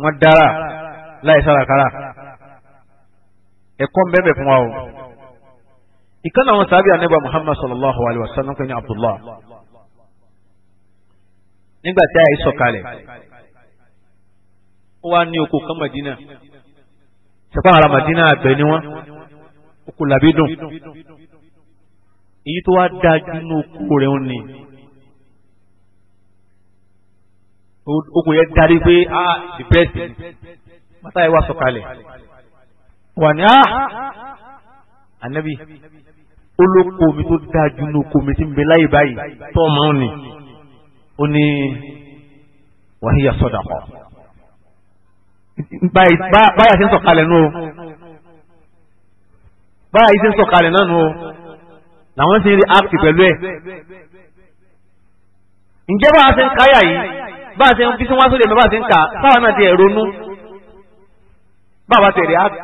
wọ́n dára láì sárakara ẹ̀kọ́ mbẹ́mbẹ́ fún wa o. ìkànnì àwọn sábẹ́ anábà Muhammad sallallahu alayhi wa sallam kẹ́ni Abdullah nígbà tí ayé sọ̀kalẹ̀ ó wá ní oko kan Madina sẹ́kọ̀ọ́ ara Madina àgbẹ̀ ni wọ́n oko làbí dùn èyí tó wá dáa nínú oko rẹ̀ ń ni oko yẹn darí pé ah the best mata yẹn wá sọ̀kalẹ̀ wà ní ah anabi olóko mi tó dáa nínú oko mi ti ń bẹ láyé báyìí tọ́ ọmọ ń ni ó ní wàhíyà sọ̀dà kọ́ báyà ṣe ń sọ̀kalẹ̀ nù o báyà ṣe ń sọ̀kalẹ̀ náà nù o làwọn ṣe ń rí áàpì pẹ̀lú ẹ̀ ǹjẹ́ báyà ṣe ń káyà yìí báyà ṣe ń bí tí wọ́n sóde mi báyà ṣe ń kà sáwà náà ti ẹ̀ ronú báwa tẹ̀lé áàpì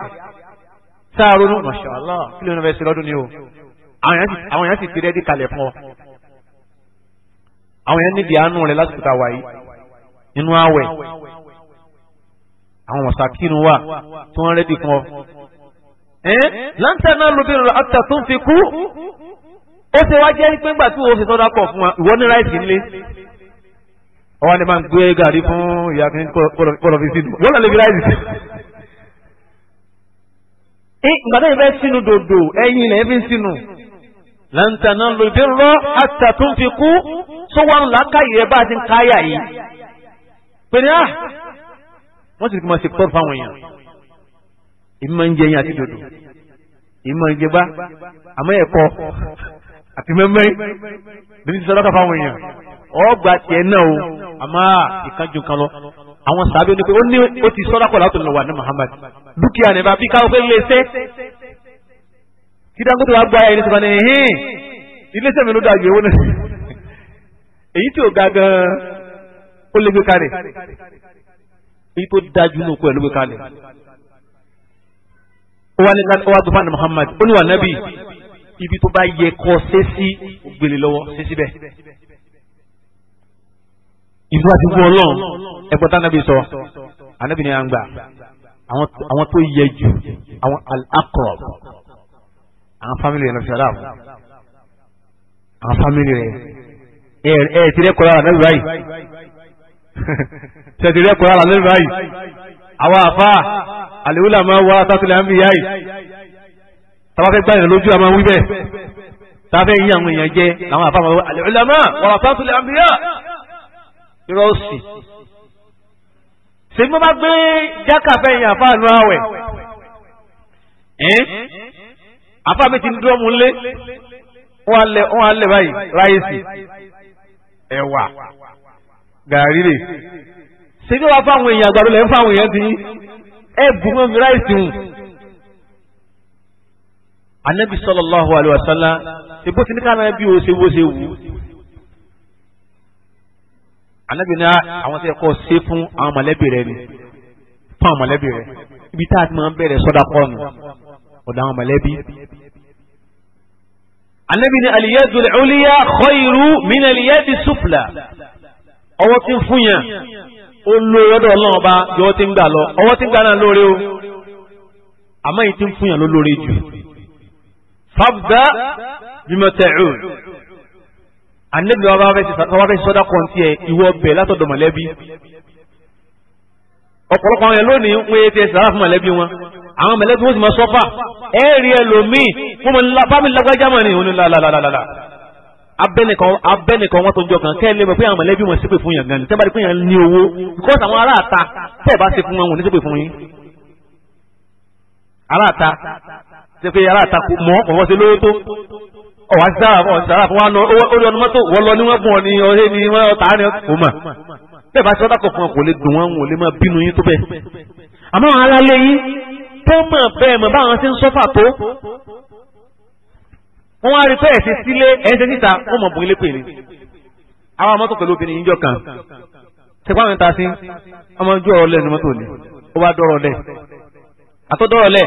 sáà ronú Masha Allah kí ló ń fẹ́ ṣe lọ́dún ni o àwọn èèyàn sì ti rẹ́dí kalẹ̀ fún ọ àwọn èèyàn níbi àánú rẹ lásìkò tá a wà yìí nínú àwẹ̀ àwọn mọ̀sákínú wà tí wọ́n rẹ́dì fún ọ. láńtà náà lóbìnrin rẹ̀ àtà tó ń fi kú ó ṣe wá jẹ́ pé ńgbà tí wọ́n fi sọ́dá pọ̀ fún wa ìwọ ní ráìsì nílé. ọwọ́ ni máa ń gbé gàrí fún ìyá kìíní kọ́lọ̀ fi sídùn wọ́n lọ́ọ́ fi ráìsì sí. ìgbà tó yẹ fẹ́ sínú dòdò ẹyin ilẹ̀ fi ń sínú. láńtà náà lóbìnrin rẹ̀ àtà tó ń fi kú sọ́wọ́n làákàyè bá ti ń káyà yìí. pè à wọ́n sì ti máa ṣe pọ́ọ̀rù fáwọn èèyàn èmi máa ń jẹ yín àti dòdò èmi máa ń jẹ bá àmọ́ ẹ̀kọ́ àti mẹ́mẹ́rin bíbí ti sọ́dọ́kà fáwọn èèyàn ọgbà tiẹ̀ náà o àmọ́ ìkanjú kan lọ àwọn sàbẹ̀ ni pé ó ní ó ti sọ́dọ́kọ̀ látò lọ́wọ́ àná Muhammad dúkìá nípa bí káwọn fẹ́ lé ṣe kí Dangote wa gba ẹni sọ̀rọ̀ ní hìn ilé iṣẹ́ mi ló dàgbé owó náà èyí tí ò ga gan-an ó lè gbé kalẹ̀ èyí tó dájú ní òkú ẹ̀ ló gbé kalẹ̀ ó wá ní ó wá Muhammad ó ní wà nábì ibi tó bá yẹ kọ́ sẹ́sí gbélé lọ́wọ́ sẹ́sí bẹ́ẹ̀ ìlú àti fún ọlọ́run ẹ̀gbọ́n tá nábì sọ ànábì ni à ń gbà àwọn tó yẹ jù àwọn al àwọn fámìlì rẹ̀ lọ́sẹ̀ aláàbò àwọn fámìlì rẹ̀ ẹ̀ ẹ̀ tirẹ̀ kọ́ra ànábì báyìí. <laughs> tẹ̀sí rẹ̀ kọ́ra lálẹ́ báyìí àwọn àfa àlèwúlà máa wá sátìlẹ̀ àmì yáì tàbá fẹ́ gbáyìn lójú àmà wíbẹ̀ tàbá fẹ́ yí àwọn èèyàn jẹ́ làwọn àfa máa wá àlèwúlà máa wà sátìlẹ̀ àmì yá irọ́ òsì. sèmi bá gbé jákà fẹ́ yín àfa àánú àwẹ̀ àfa mi ti ń dúró mu lé wọ́n á lẹ̀ báyìí ráyèsì ẹ̀wà gàrí rè ṣebí wàá fáwọn èèyàn àgbàdo lẹ́yìn fáwọn èèyàn ti ẹ bù mọ́ mi ráìsì hùn. anabi sallallahu alayhi wa sallam ṣebó ti ní ká náà bí o ṣe wo ṣe wù. anabi ní àwọn tí ẹ kọ́ ṣe fún àwọn mọ̀lẹ́bí rẹ ni fún àwọn mọ̀lẹ́bí rẹ ibi tá a ti máa ń bẹ̀rẹ̀ sọ́dá pọ̀ nù ọ̀dọ̀ àwọn mọ̀lẹ́bí. anabi ní aliyadu al-ulya khayru min aliyadi ọwọ́ ti ń fún yàn ó lo ọ̀dọ̀ Ọlọ́run ọba ju ọwọ́ tí ń gbà lọ ọwọ́ tí ń gbà náà lóore o àmọ́ èyí tí ń fún yàn ló lóore jù fabda bimọtẹ̀ù anabi wa bá fẹ́ sọ́dá kan tiẹ̀ ìwọ bẹ̀ látọ̀dọ̀ mọ̀lẹ́bí ọ̀pọ̀lọpọ̀ àwọn yẹn lónìí ń pè é tiẹ̀ sàrà fún mọ̀lẹ́bí wọn àwọn mọ̀lẹ́bí wọn sì máa sọ́fà ẹ̀ẹ́rì ẹlòmíì fún mi lábàmì lágbájá mọ̀ ni òun ni lálálálálá abẹ́nìkan abẹ́nìkan wọ́n tó ń jọ kan kẹ́ ẹ lé mọ̀ pé àwọn mọ̀lẹ́bí wọn ṣépè fún yàn gan ni tẹ́ bá rí pé yàn ní owó because àwọn aráàta tẹ́ ẹ bá ṣe fún wọn wọn ní ṣépè fún yín aláàta ṣe pé aláàta kò mọ́ ọ̀wọ́ ṣe lówó tó ọ̀wá sí sára fún ọ̀sán sára fún wa lọ orí ọdún mọ́tò wọ́n lọ ní wọ́n fún ọ ní ọ̀rẹ́ ni wọ́n ọ̀tá ni kò mọ̀ bẹ́ẹ̀ bá ṣe ọ́dà kọ̀ fún ọ kò lè dùn wọn ò lè máa bínú yín tó bẹ́ẹ̀ àmọ́ àwọn alálẹ́ yín tó mọ̀ bẹ́ẹ̀ mọ̀ báwọn ṣe ń sọ́fà tó wọ́n wá rí pé ẹ̀sìn sílé ẹ̀sìn síta wọ́n mọ̀ bùn ilé pè ní. àwọn ọmọ tó pẹ̀lú obìnrin yíjọ kan tẹpá mi ta sí ọmọ ojú ọ̀rọ̀ lẹ́nu mọ́tò ni ó wá dọ́rọ̀ lẹ̀ àtọ́dọ́rọ̀ lẹ̀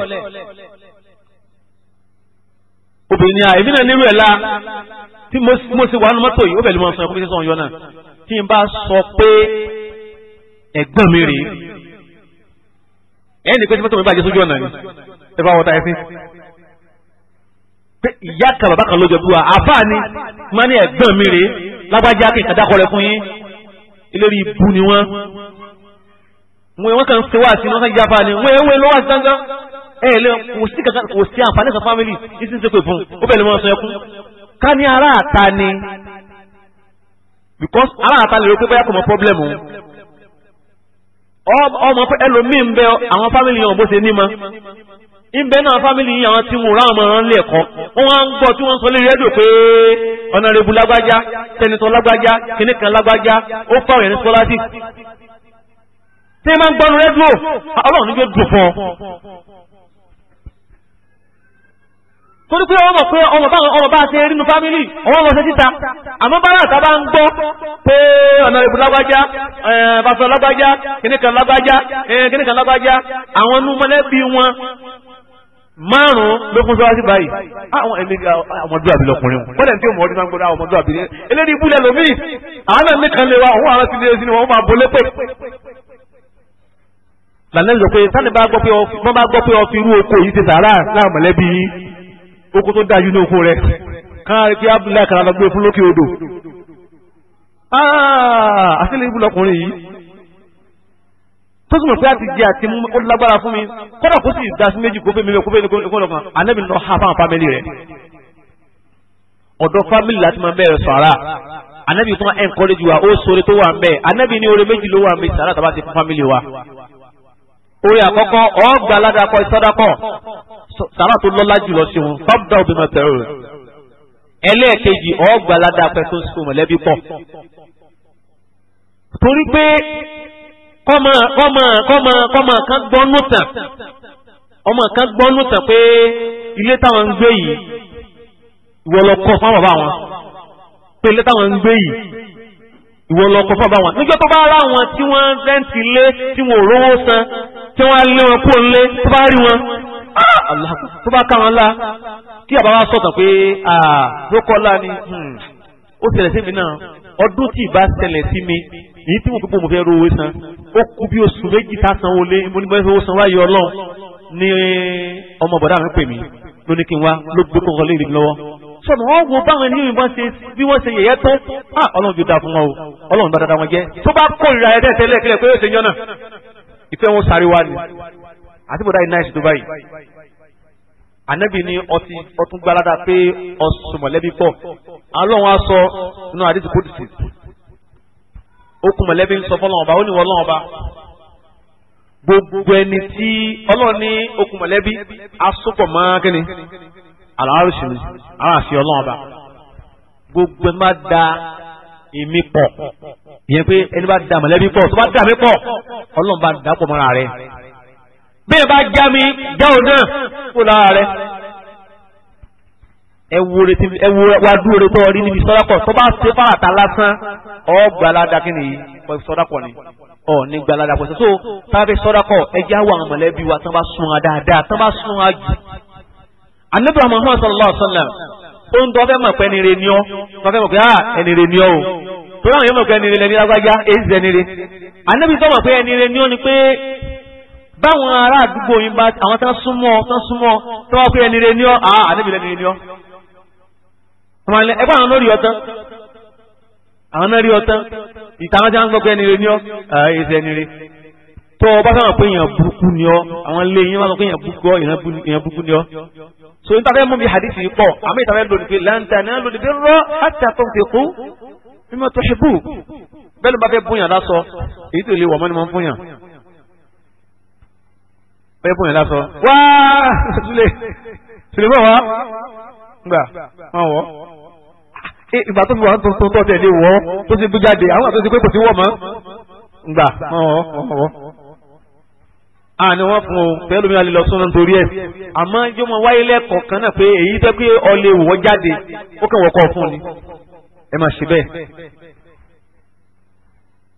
obìnrin à èmi náà nírú ẹ̀ la tí mo sì wà nínú mọ́tò yìí ó bẹ̀rẹ̀ mọ́ sọ ẹ̀kọ́ sísọ ọ̀yọ́ náà tí n bá sọ pé ẹ̀gbọ́n mi rèé ẹ̀yìn nìkan tí mọ́tò mi bàjẹ́ sójú ọ̀nà ni ẹ bá wọ́ta ẹ sí ìyá kan bàbá kan lójọ bí wa àáfàá ni má ní ẹ̀gbọ́n mi rèé lágbájá kí nǹkan dákọ̀rẹ́ fún yín eléré ibú ni wọ́n wọn wọn kàn ń sewá sí wọn kàn yíyá ni wọn ewé ló sí gángan ẹ lé kò sí kankan kò sí àǹfààní kan fámìlì yìí sì ń fún ó bẹ̀rẹ̀ mọ́ ọ sọ ẹkún ká ní ará àta ni because ará àta lè ro pé bóyá kò mọ pọ́blẹ́mù ọmọ ẹlòmíín bẹ àwọn fámìlì yẹn ò bó ṣe ní ma ìbẹ́ náà fámìlì yìí àwọn tí wọn rà ọmọ ọ̀rán lẹ́ẹ̀kọ́ wọn wá ń gbọ́ tí wọ́n ń sọ lórí rédíò pé ọ̀nàrẹ́bù lágbájá tẹnitọ́ lágbájá kìnnìkan lágbájá ó fáwọn ẹ̀rín sọ́láṣí. tí wọ́n ń gbọ́nu rédíò ọlọ́run ní yóò dùn fún ọ. torí pé ọmọ pé ọmọ bá ọmọ bá ṣe rínú fámìlì ọmọ ọmọ ṣe síta àmọ́ bára àtà bá ń gbọ́ pé ọ̀nàrẹ́bù lágbájá bàtọ̀ lágbájá kìnnìkan lágbájá kìnnìkan lágbájá àwọn nú mọ̀lẹ́bí wọn márùn-ún ló fún sọ́wọ́sí báyìí àwọn ẹni ọmọdúrà bí lọkùnrin wọn bọ́dẹ̀ tí ó mọ̀ ọdún máa ń gbọ́dọ̀ ọmọdúrà bí eléyìí ibúlẹ̀ lómìn àwọn nìkan lè wa òun àwọn ti lè sí ni wọ́n máa bolé pé. lànà ìjọ pé sani bá gbọ́ pé wọ́n bá gbọ́ pé ọ fi irú oko yìí ti sàárà láwọn mọ̀lẹ́bí oko tó dájú ní oko rẹ̀ káàrí pé abdullahi kan lọ gbé e fún lókè odò. àti ilé ibú lọkùnrin yìí tó sì mọ̀ pé àti jẹ àti mú ó lágbára fún mi kódà kó sì dá sí méjì kó fẹ́ mi kó fẹ́ mi kó lọ kan ànábì lọ ha fáwọn fámìlì rẹ̀ ọ̀dọ̀ fámìlì láti máa bẹ̀rẹ̀ sàrà ànábì tó máa encourage wa ó sọ̀rọ̀ tó wà ń bẹ̀ ànábì ní oore méjì ló wà ń bẹ̀ sàrà tàbá ti fún fámìlì wa oore àkọ́kọ́ ọ̀gbà aládàkọ ìsọdakọ sàrà tó lọ́lá jùlọ torí pé kọ́mọ kọ́mọ kọ́mọ kọ́mọ kan gbọ́nú tàn ọmọ kan gbọ́nú tàn pé ilé táwọn ń gbé yìí ìwọ lọ kọ́ fún bàbá wọn pé ilé táwọn ń gbé yìí ìwọ lọ kọ́ fún bàbá wọn. níjọ́ tó bá rá wọn tí wọ́n rẹ́ǹtì lé tí wọn ò rówó san tí wọ́n á lé wọn kúrò nílé tó bá rí wọn ah, tó bá ká wọn lá kí bàbá wa pé ló kọ́ lá ni hmm, ó ṣẹlẹ̀ sí mi náà ọdún tí ì bá ṣẹlẹ̀ sí mi èyí tí mo fi gbó mo fẹ́ rówó san ó kú bí oṣù méjì tá a san wọlé mo ní mo fẹ́ san wáyé ọlọ́run ní ọmọ bọ̀dá mi pè mí ló ní kí n wá ló gbé kọ́kọ́ lé ìlú lọ́wọ́ sọ̀rọ̀ wọ́n wo báwọn ẹni ìbọn ṣe bí wọ́n ṣe yẹ̀yẹ́ tó à ah, ọlọ́run ju da fún wọn o ọlọ́run bá dada wọn jẹ́ tó bá kórìíra ẹ̀dẹ́ tẹ́lẹ̀ kílẹ̀ pé ó ṣe yan náà wọn sáré wá ni àti bọ̀dá yìí náà ṣe tó báyìí anabi ni ọtí ọtún gbalada pé ọsùnmọ̀lẹ́bí pọ̀ alọ́run á sọ nínú àdìsí kò ó kún mọ̀lẹ́bí ń sọ fọlọ́wọ́n ọba ó ní wọlọ́wọ́n ọba gbogbo ẹni tí ọlọ́run ní okùn mọ̀lẹ́bí asopọ̀ mọ́ kínní aláàrúṣì ni aláàfin ọlọ́run ọba gbogbo ẹni bá da èmi pọ̀ ìyẹn pé ẹni bá da mọ̀lẹ́bí pọ̀ tó bá da mi pọ̀ ọlọ́run bá dà pọ̀ mọ́ra rẹ̀ bẹ́ẹ̀ bá já mi já òun náà kó lára rẹ̀ ẹwu tó rí níbi sọ́dọ̀kọ̀ tó bá ṣe fàràtà lásán ọ̀ kí ni sọ́dọ̀kọ̀ ni ọ̀ ní gbalada pọ̀ tábí sọ́dọ̀kọ̀ ẹjẹ́ àwọn àwọn wa tán bá sun wa dáadáa tán bá sun wa jù. anabi Muhammad sallallahu alaihi wa sallam ó ń tọ́ fẹ́ mọ̀ pé ẹnire ni ọ́ wọ́n fẹ́ mọ̀ pé á ẹnire ni ọ́ o tó láwọn yẹn mọ̀ pé ẹnire lẹni ni ọ́ ni báwọn ará àdúgbò yín bá àwọn tán súnmọ́ tán súnmọ́ tán wọ́n pé ẹnire ni ọ́ á anabi lẹni ni ọ́ àwọn alẹ́ ẹgbẹ́ àwọn lórí ọtán àwọn náà rí ọtán ìtàwọn tí wọ́n ń gbọ́ pé ẹni rẹ ni ọ́ ẹ̀ẹ́sẹ̀ ẹni rẹ tó o bá sábà pé èèyàn burúkú ni ọ́ àwọn ilé yín wọ́n sọ pé èèyàn burúkú ọ́ èèyàn burúkú ni ọ́ so n tafẹ́ mú mi hadithi pọ̀ àmì ìtafẹ́ lòdì pé láǹtà ní lòdì pé rọ́ àti àtúnṣekú mímọ́ tó ṣe bù bẹ́ẹ̀ ló bá fẹ́ bóyá lásọ èyí tó lè wọ̀ mọ́ni mọ́ fúnyà bẹ́ẹ̀ bóyá lásọ wá sílẹ̀ sílẹ̀ bọ̀ wá ngbà wọn wọ ah, eh, ìgbà tó fi wà tó tọ́ tẹ̀lé wọ́ tó ti gbé jáde àwọn àti ti pé kò sí wọ̀ mọ́ ngbà wọn wọ àní wọn fún un pẹ̀lú mi alẹ́ lọ sọ́nà nítorí ẹ̀ àmọ́ yóò mọ wáyé lẹ́kọ̀ọ́ kan náà pé èyí tó pé ọlẹ́ wọ́ jáde ó kàn wọ́kọ̀ fún ni ẹ máa ṣe bẹ́ẹ̀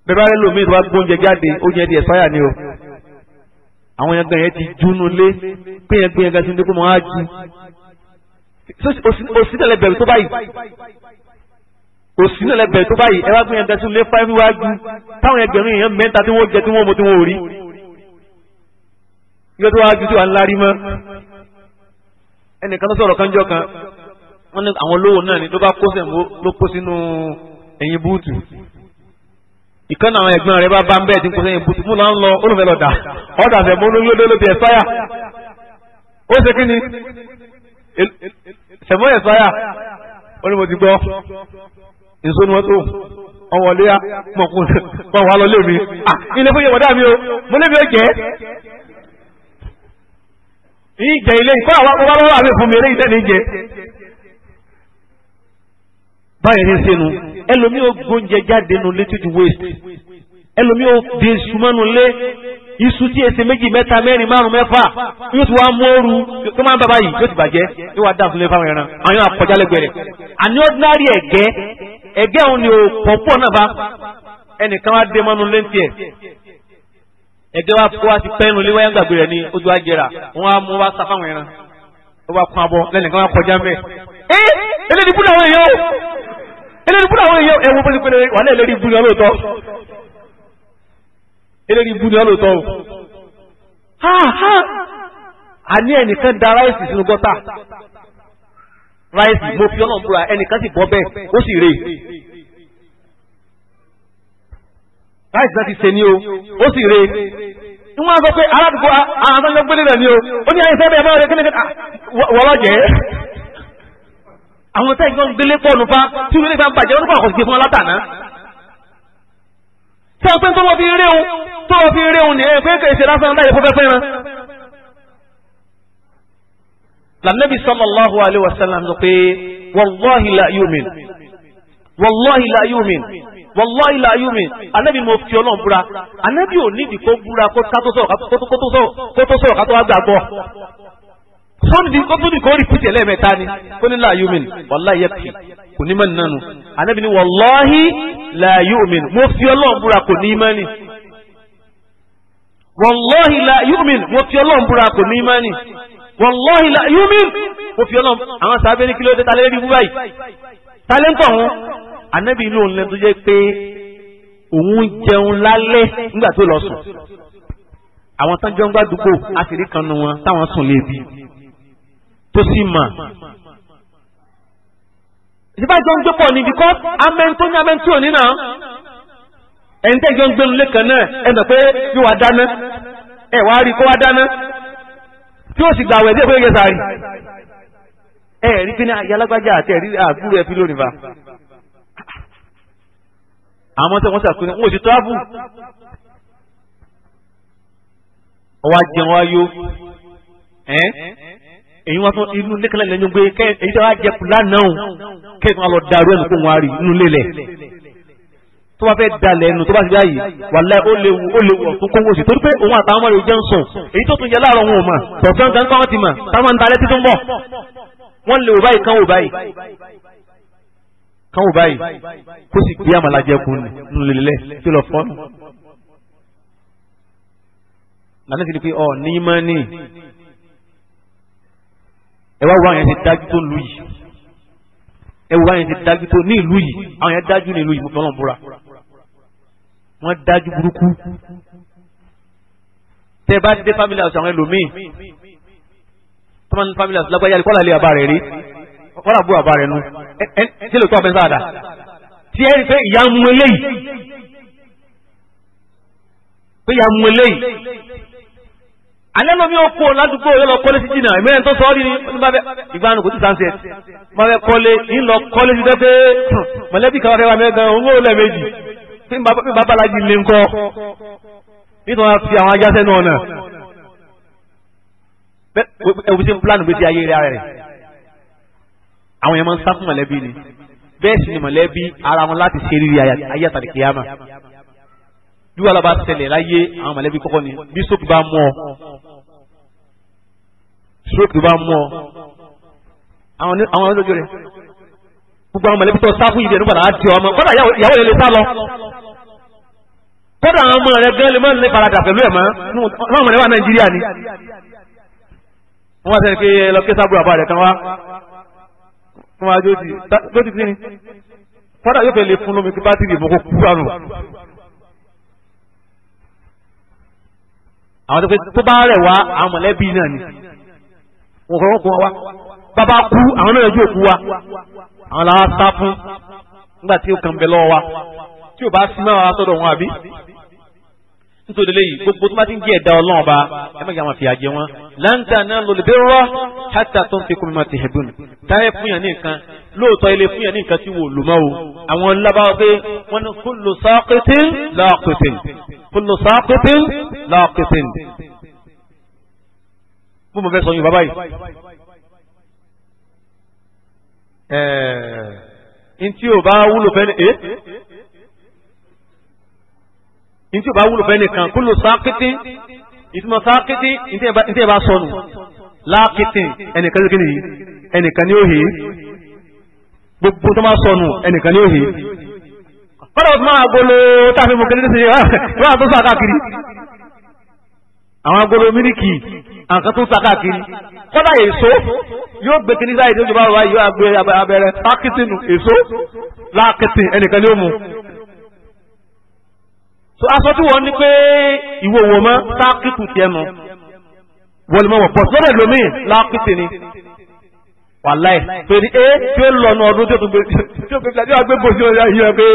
bẹ́ẹ̀ bá rẹ lómi tó bá gbóúnjẹ jáde oúnjẹ di ẹ̀sáyà ni o àwọn yẹn gan yẹn ti júnú lé pé yẹn gbé yẹn gan sí ní kó mọ á ju òsì náà lẹ bẹ̀rù tó báyìí òsì náà lẹ bẹ̀rù tó báyìí ẹ wá gbé yẹn gẹ́sí lé fáwọn iwájú táwọn ẹgbẹ̀rún èèyàn mẹ́ta tí wọ́n jẹ tí wọ́n mọ tí wọ́n rí yóò tó wájú tí wà ń larí mọ́ ẹnìkan tó sọ̀rọ̀ kánjọ́ kan wọ́n ní àwọn olówó náà ni ló bá kó sẹ̀mó ló kó sínú ẹ̀yìn búùtù ìkànnì àwọn ẹ̀gbọ́n rẹ̀ bá bá ń bẹ́ẹ̀ tí ń kó sẹ́yìn búùtù mú lọ́n lọ olùfẹ́ lọ́dà ọ̀dà sẹ̀mó lórí olólóbi ẹ̀ sáyà ó ṣe kí ni ẹ̀fọ́ yẹn sáyà ó ní mo ti gbọ́ èso ni wọ́n tó ọwọ́ ilé yá pọ̀kùn pọ̀ wá lọ lé mi ilé fún yẹn wọ̀dá mi o mo lé mi ó jẹ́ yìí jẹ ilé ìkọ́ àwọn akọ́kọ́ lọ́wọ́ àbí fún mi eré ìtẹ́ ní jẹ. báyìí ní sẹ́nu ẹlòmíì ó gbóúnjẹ jáde nu létí ti waste ẹlòmíì ó di sumanu lé iṣu tí èsì méjì mẹ́ta mẹ́rin márùn mẹ́fà yóò ti wá mú ooru tó máa ń bàbá yìí yóò ti bàjẹ́ yóò wá dá àfúnlé fáwọn ẹran àwọn yóò àkọjá lẹ́gbẹ̀ẹ́ rẹ̀ àní ordinary ẹ̀gẹ́ ẹ̀gẹ́ òun ni ò pọ̀ pọ̀ náà bá ẹnìkan wá dé mọ́nu lẹ́ńtì ẹ̀ ẹ̀gẹ́ wa kó wa ti pẹ́ nulẹ̀ wáyà gbàgbé rẹ̀ ní ojú ajẹ́ra wọ́n á mú wa sa fáwọn ẹran ó wá kún abọ́ lẹ́nìkan wá kọjá mẹ́ ẹ́ elédìbú làwọn èèyàn elédìbú làwọn èèyàn ẹ̀wọ̀n pẹ̀lú pẹ̀lú wàhálà elédìbú ni wọ́n lóòótọ́ eléyìí ibú ni ọ lò tọ́ o. àní ẹnìkan da ráìsì sínú gọ́tà ráìsì mo fi ọlọ́run búra ẹnìkan sì bọ́ bẹ́ẹ̀ ó sì rè ráìsì náà ti ṣe ní o ó sì rè wọ́n á sọ pé aládùúgbò àwọn akẹ́kọ̀ọ́ náà ni o ó ní àyè sẹ́bẹ̀ ẹ̀ máa rẹ̀ kí ni ah, wọ́n lọ́jẹ̀ àwọn tẹ́yìn kan gbélé pọ̀nù fa tí wọ́n lè fa bàjẹ́ wọn kọ́ àkọsíkè fún wọn látàná. sọ pé tó wọ́n fi rí o tó o fi rí òun nìyẹn pé kèsì lásán láyé fúnfẹ́ fẹ́ràn. lànàbì sallallahu alaihi wasallam sọ pé wallahi la yu'min wallahi la yu'min wallahi la yu'min anabi mo fi ọlọ́run búra anabi ò nídìí kó búra kó tó sọ̀rọ̀ ká tó wá gbàgbọ́ fóònù kó tó ní kó rí pìtì ẹlẹ́mẹ̀ta ni kó ní la yu'min wallahi yẹpì kò ní mọ̀ nínú anabi ni wallahi la mo fi ọlọ́run búra kò ní mọ̀ wallahi la yu'min mo fi ọlọ́run búra kò ní ìmánì wallahi la yu'min mo fi ọlọ́run àwọn sábẹ́ ní kílódé ta lẹ́rìí búbá yìí ta lẹ́ ń tọ̀ wọn anábì inú òun lẹ́nu tó jẹ́ pé òun jẹun lálẹ́ nígbà tó lọ sùn àwọn tán jọ ń gbàdúgbò àṣírí kan nu wọn táwọn sùn lébi tó sì mà ìsìbájọ́ ń gbé pọ̀ níbi kọ́ amẹ́ntó ní amẹ́ntó ní náà ẹ̀ńtẹ́jọ́ ń gbénu lẹ́kàn náà ẹ̀ mọ̀ pé yóò wá dáná ẹ̀ wá rí kó wá dáná tí ó sì gbà wẹ̀ sí ẹ̀fọ́ yẹn sàárì ẹ̀ rí pé ní ayálágbájá àti ẹ̀rí àbúrò ẹ̀ fi lónìí fa àmọ́ tẹ́ wọ́n sàkóso wọn ò sì tọ́wábù ọwọ́ ajẹun wáyó ẹ́ èyí wọn tún inú nìkan lẹ́yìn gbé kẹ́ èyí tí wọ́n á jẹ kù lánàá kẹ́ ẹ̀ tún wá lọ dàrú ẹ̀ nù kó wọn á rí inú lélẹ̀ tó bá fẹ́ dalẹ̀ ẹnu tó bá ti dá yìí wàlẹ́ ó léwu ó léwu ọ̀tún kówó sí torí pé òun àtàwọn ọmọ rẹ̀ jẹ́ ń sùn èyí tó tún jẹ láàárọ̀ wọn ò mà tọ̀sán gan kan ti mà táwọn ń dalẹ̀ títún bọ̀ wọ́n lè wò báyìí kan wò báyìí kan wò báyìí kó sì gbé àmàlà jẹkùn nulilẹ̀ tí lọ fọ́n. lànà ti di pé ọ ní mọ́ ni ẹ wá wọ àwọn yẹn ti dájú tó lu yìí ẹ wọ àwọn yẹn ti dájú tó ní ìlú yìí àwọn yẹn dájú ní ìlú yìí mo fọ́n lọ́n búra wọ́n dájú burúkú tẹ́ bá dé family house àwọn ẹlòmíì tọ́mọ́n family house lágbájá kọ́lá lé àbá rẹ̀ rí kọ́lá bú àbá rẹ̀ nu tí lóòótọ́ abẹ́ sáàdà tí ẹ rí pé ìyá mú eléyìí pé ìyá mú eléyìí alẹ́ lómi ó kó ládùúgbò yóò lọ kọ́lé sí jìnnà ìmẹ́rin tó sọ ọ́ rí ni bá fẹ́ ìgbà nù kò tí sáńsẹ̀ bá fẹ́ kọ́lé ń lọ kọ́lé sí pé mọ̀lẹ́bí kan fẹ́ wà mẹ́gan owó lẹ́ẹ̀mejì pé bàbá alájí lè ń kọ́ nítorí wọn fi àwọn ajá sẹ́nu ọ̀nà ẹ̀wù sí pílánù gbé sí ayé rẹ̀ rẹ̀ àwọn yẹn máa ń sá fún mọ̀lẹ́bí ni bẹ́ẹ̀ sì ni mọ̀lẹ́bí ara wọn láti ṣe rírí ayé àtàlẹ̀ kìyàmà bí wàhálà bá ṣẹlẹ̀ láyé àwọn mọ̀lẹ́bí kọ́kọ́ ni bí stroke bá mú ọ stroke bá mú ọ àwọn ọlọ́jọ́ rẹ̀ gbogbo àwọn mọ̀lẹ́bí tó sá fún ìdẹ̀rù padà á di ọmọ kọ́dà ìyàwó yẹn lè sá lọ kódà àwọn ọmọ rẹ gan lè má lè faradà pẹ̀lú ẹ̀ mọ́ ọmọ rẹ wà nàìjíríà ni wọ́n wá sẹ́ni pé lọ kí sábúrò àbá rẹ̀ kan wá fún wa jóòtì jóòtì sí ni kódà yóò fẹ́ lè fún lómi kí bátìrì ìmọ̀kó kú àrùn. àwọn tó bá rẹ̀ wá àwọn mọ̀lẹ́bí náà ni wọ́n kọ́ wọ́n kún wa bàbá kú àwọn náà yóò kú wa àwọn làwọn sá fún nígbà tí ó kàn bẹ lọ́wọ́ wa tí o bá sí máa wá sọ́dọ̀ wọn àbí nítorí lẹ́yìn gbogbo tó bá ti ń jẹ́ ẹ̀dá ọlọ́run ba ẹ má yà wọn fìyà jẹ wọn láǹtà náà lòlẹ̀ bí rọ́ hátà tó ń fi kún mi máa ti hẹ̀bùn táyẹ̀ fúnyàn ní nǹkan lóòótọ́ ilé fúnyàn ní nǹkan tí wò lò mọ́ o àwọn lábáwọ́ pé wọ́n ní kullu saqatin laqatin kullu saqatin laqatin. bó mo fẹ́ sọ yín bàbá yìí. ẹ̀ẹ́n tí ò bá wúlò fẹ́ ni eh? ntí o bá wúlò fẹ́ nìkan kó ló sákìtì ìtumọ̀ sákìtì ntí ẹ bá sọnù lákìtì ẹnìkan ló kéde yìí ẹnìkan ni ó he gbogbo tó máa sọnù ẹnìkan ni ó he kọ́dà ó ti máa gbolo táàfin ah, mu kéde ṣe wá tó sọ àkàkiri àwọn agolo mílíkì àǹkan tó ń sọ àkàkiri kọ́dà èso yóò gbé kíní sáyé tó jọba wáyé yóò gbé abẹ́rẹ́ sákìtì nù èso lákìtì ẹnìkan ni ó mu so aṣọ tí wọ́n ní pé ìwò wò mọ́ sáàkìtù tiẹ̀ mu wọ́n lè mọ̀ wọ̀ pọ̀ sí lọ́dọ̀ lómi láàkìtì ni wàláì pé ní ẹ tí ó lọ́nu ọdún tí ó tún gbé tí ó gbé tí ó gbé bò sí ọjà yìí pé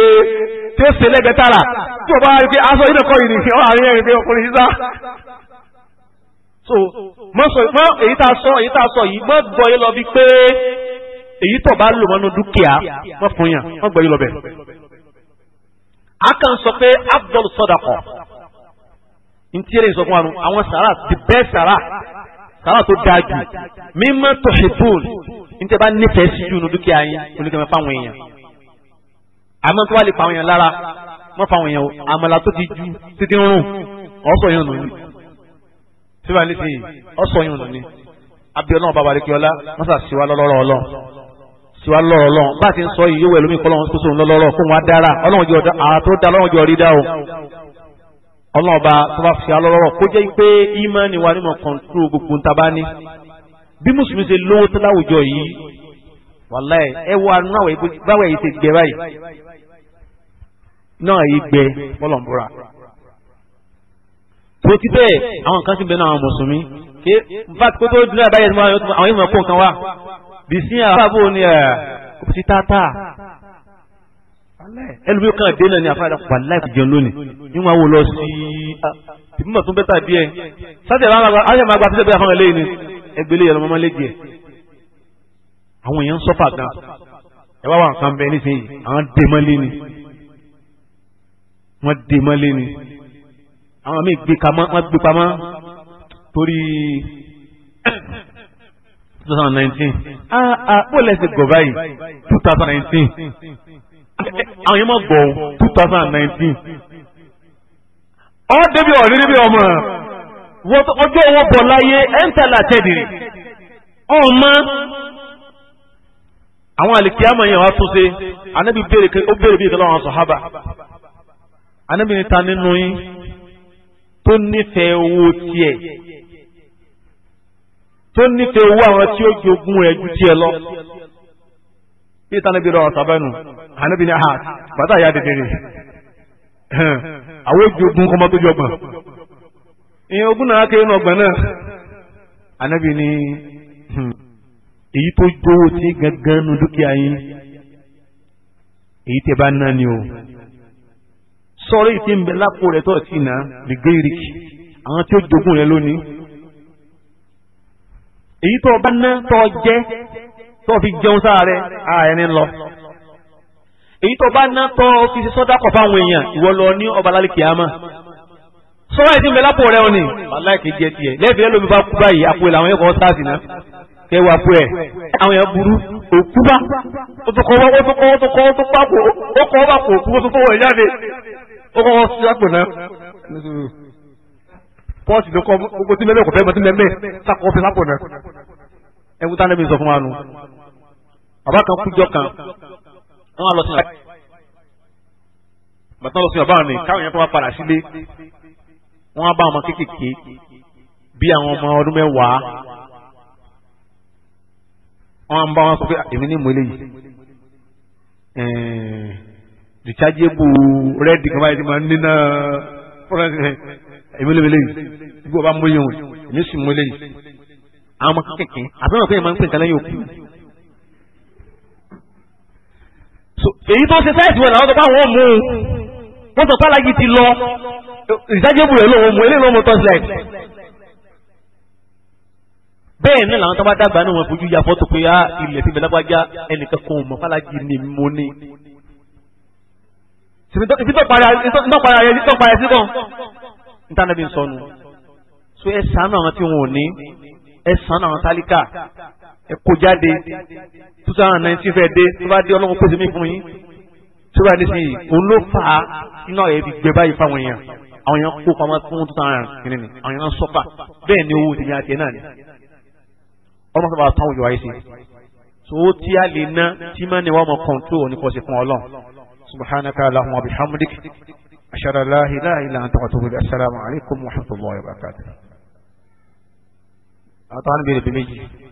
tí ó ṣe lẹ́gbẹ̀ẹ́ tààrà tí ó bá rí pé aṣọ yìí yìí nìkan ọ̀hún àárín ẹ̀rín pé ọkùnrin yìí sá. so mọ sọ mọ èyí tá a sọ èyí tá a sọ yìí mọ gbọ́ yín lọ bí pé èyí tó bá lò mọ́nú dúkìá mọ́ fún yàn mọ́ gbọ́ yín lọ bẹ̀ a kàn sọ pé afdal sadaqa n tí yẹlẹ sọ fún wa nù àwọn sara ti bẹ́ẹ̀ sàrà sàrà tó dáa jù mimma tuhibbun n tẹ́ bá nífẹ̀ẹ́ sí jù nù dúkìá yín oníkẹ́mẹ́ fáwọn èèyàn àmọ́ tó wà lè fáwọn èèyàn lára wọ́n fáwọn èèyàn o àmàlà tó ti ju títí ń rùn ọ̀sọ̀ yẹn nù ní síbà nísìnyí ọ̀sọ̀ yẹn nù ní abiola ọba balẹ̀kíọ́lá mọ́sàsíwá lọ́lọ́rọ́ ọlọ́run tí wàá lọ́rọ̀ lọ́rùn bá a ti ń sọ yìí yóò wẹ̀ lómi kọ́ lọ́rùn kó sóun lọ́rọ̀ kó wọn dára ọlọ́run jọ àrà tó dá ọlọ́run jọ rí dá o ọlọ́run bá tó bá fi alọ́rọ̀ kó jẹ́ pé ìmánì wa ni mo kọ̀ǹtúrò gbogbo ń tabá ní bí mùsùlùmí ṣe lówó tó láwùjọ yìí wàláì ẹ wo àánú àwẹ̀ báwẹ̀ yìí ṣe gbẹ báyìí náà yìí gbẹ bọ́lọ̀ ń búra tó àwọn kan ti bẹ náà àwọn mùsùlùmí kí n kótó dúró àbáyé àwọn yóò kó nǹkan wá bìsín àbábò ni ẹ̀ kò sí tata ẹlòmíì kan dé náà ni àfáàdà kò bá láì jẹun lónìí níwọ̀n àwọn lọ sí ah, ìbímọ tó ń bẹ́tà bí ẹ sáté àwọn àgbà tó bẹ́ẹ̀ fáwọn eléyìí ni ẹgbẹ́ eléyìí ọlọmọ lé díẹ̀ àwọn èèyàn ń sọ́fà gan ẹ wá wà nǹkan bẹ nísìnyí àwọn dè mọ́lé ni wọ́n dè mọ́lé ni àwọn míì gbé pamọ́ torí 2019 ah ah bó lẹ́sẹ̀ gọ̀ báyìí 2019 àwọn yẹn mọ̀ gbọ̀ 2019 ọ́ débi ọ̀rí níbi ọmọ ọjọ́ owó bọ̀ láyé ẹ́ńtàlá tẹ̀dìrì ọmọ àwọn àlìkíyàmọ̀ yẹn wá tún ṣe anábì béèrè ó béèrè bí ìkọlọ àwọn sọ̀hábà anábì níta nínú yín tó nífẹ̀ẹ́ owó tiẹ̀. tó nífẹ̀ẹ́ owó àwọn tí ó jogún rẹ̀ ju tiẹ̀ lọ. bí tanabi rọ ọ̀sàbẹ́nu ànábi ní ha bàtà ìyá dèdèrè àwọn ojogun kọ́mọ tó jọgbọ̀n. ìyẹn ogún náà kéré náà náà ànábi ní hmm, èyí tó jówó tí gangan nu dúkìá yín èyí tẹ bá ná ni o ti nà lè gé tí ó jogún èyí tó bá ná tó jẹ́ tó fi jẹun sára rẹ̀ ara ẹni lọ èyí tó bá ná tó fi ṣe sọ́dá kọ̀ fáwọn èèyàn ìwọ lọ ní ọba lálẹ́ kìámà sọ́wọ́ ẹ̀ ti ń bẹ lápò rẹ̀ òní aláìkè jẹ tiẹ̀ lẹ́ẹ̀fì ẹ̀ lómi bá kú báyìí àpò ẹ̀ làwọn ẹ̀kọ́ sáàsì náà kẹ́ wà pọ̀ ẹ̀ àwọn èèyàn burú òkú bá ó tó kọ́ ó tó kọ́ ó tó kọ́ ó tó pàpò ó kọ́ ó bá pò òkú ó tó kọ́ wọ̀ ẹ̀ jáde ó kọ́ wọ́n sí àpò náà pọ́ọ̀sì ló kọ́ gbogbo tí mẹ́mẹ́ kò fẹ́ mọ́ tí mẹ́mẹ́ sákòó fi sápò náà ẹ̀wù tá lẹ́mi sọ fún wa nu bàbá kan kújọ kan wọ́n á lọ sí àbá bàtà lọ sí àbá mi káwọn yẹn tó wá padà sílé wọ́n á bá ọmọ kéékèèké bí àwọn ọmọ ọdún mẹ́wàá wọ́n á ń bá wọn sọ pé èmi ní ìmọ̀ eléyìí rechargeable rẹ́ẹ̀dì kan báyìí ti máa ń níná fúnra ẹ̀ èmi lè wele yìí gbogbo ọba mú yẹn èmi sì mú eléyìí àwọn ọmọ kékeré àbẹ̀wò pé máa ń pè nǹkan lẹ́yìn òkú. so èyí tó ṣe sáyẹ̀tì wọn làwọn tó bá wọn mú un wọ́n sọ pé alájí ti lọ ìdájọ́ ìbúrẹ́ lòun mú eléyìí ló mú tọ́sílẹ̀. bẹ́ẹ̀ náà làwọn tó bá dàgbà náà wọn fojú ya fọ́tò pé ah, ilẹ̀ tí bẹ̀lágbájá ẹnìkan kan ò mọ̀ fálájì ni mo ní. ìbí tó parí ayẹyẹ sí kan ntànàbí sọnù so ẹ sànù àwọn tí wọn ò ní ẹ sànù àwọn tálíkà ẹ kó jáde two thousand nineteen fẹ́ dé tó bá dé ọlọ́run pèsè mí fún yín tó bá dé sí yìí òun ló fà àwọn èèyàn kó pamọ́ fún two thousand kìíní ni àwọn èèyàn sọ́fà bẹ́ẹ̀ ni owó tèmi àti ẹ̀ náà ni ọlọ́run sábà tán òjò wáyé sí so tí a lè ná tí má ni wọ́n mọ̀ kọ́ńtò òní fún ọlọ́run subhanaka allahumma bihamdik. أشهد أن لا إله إلا أنت وأتوب السلام عليكم ورحمة الله وبركاته أعطاني بيري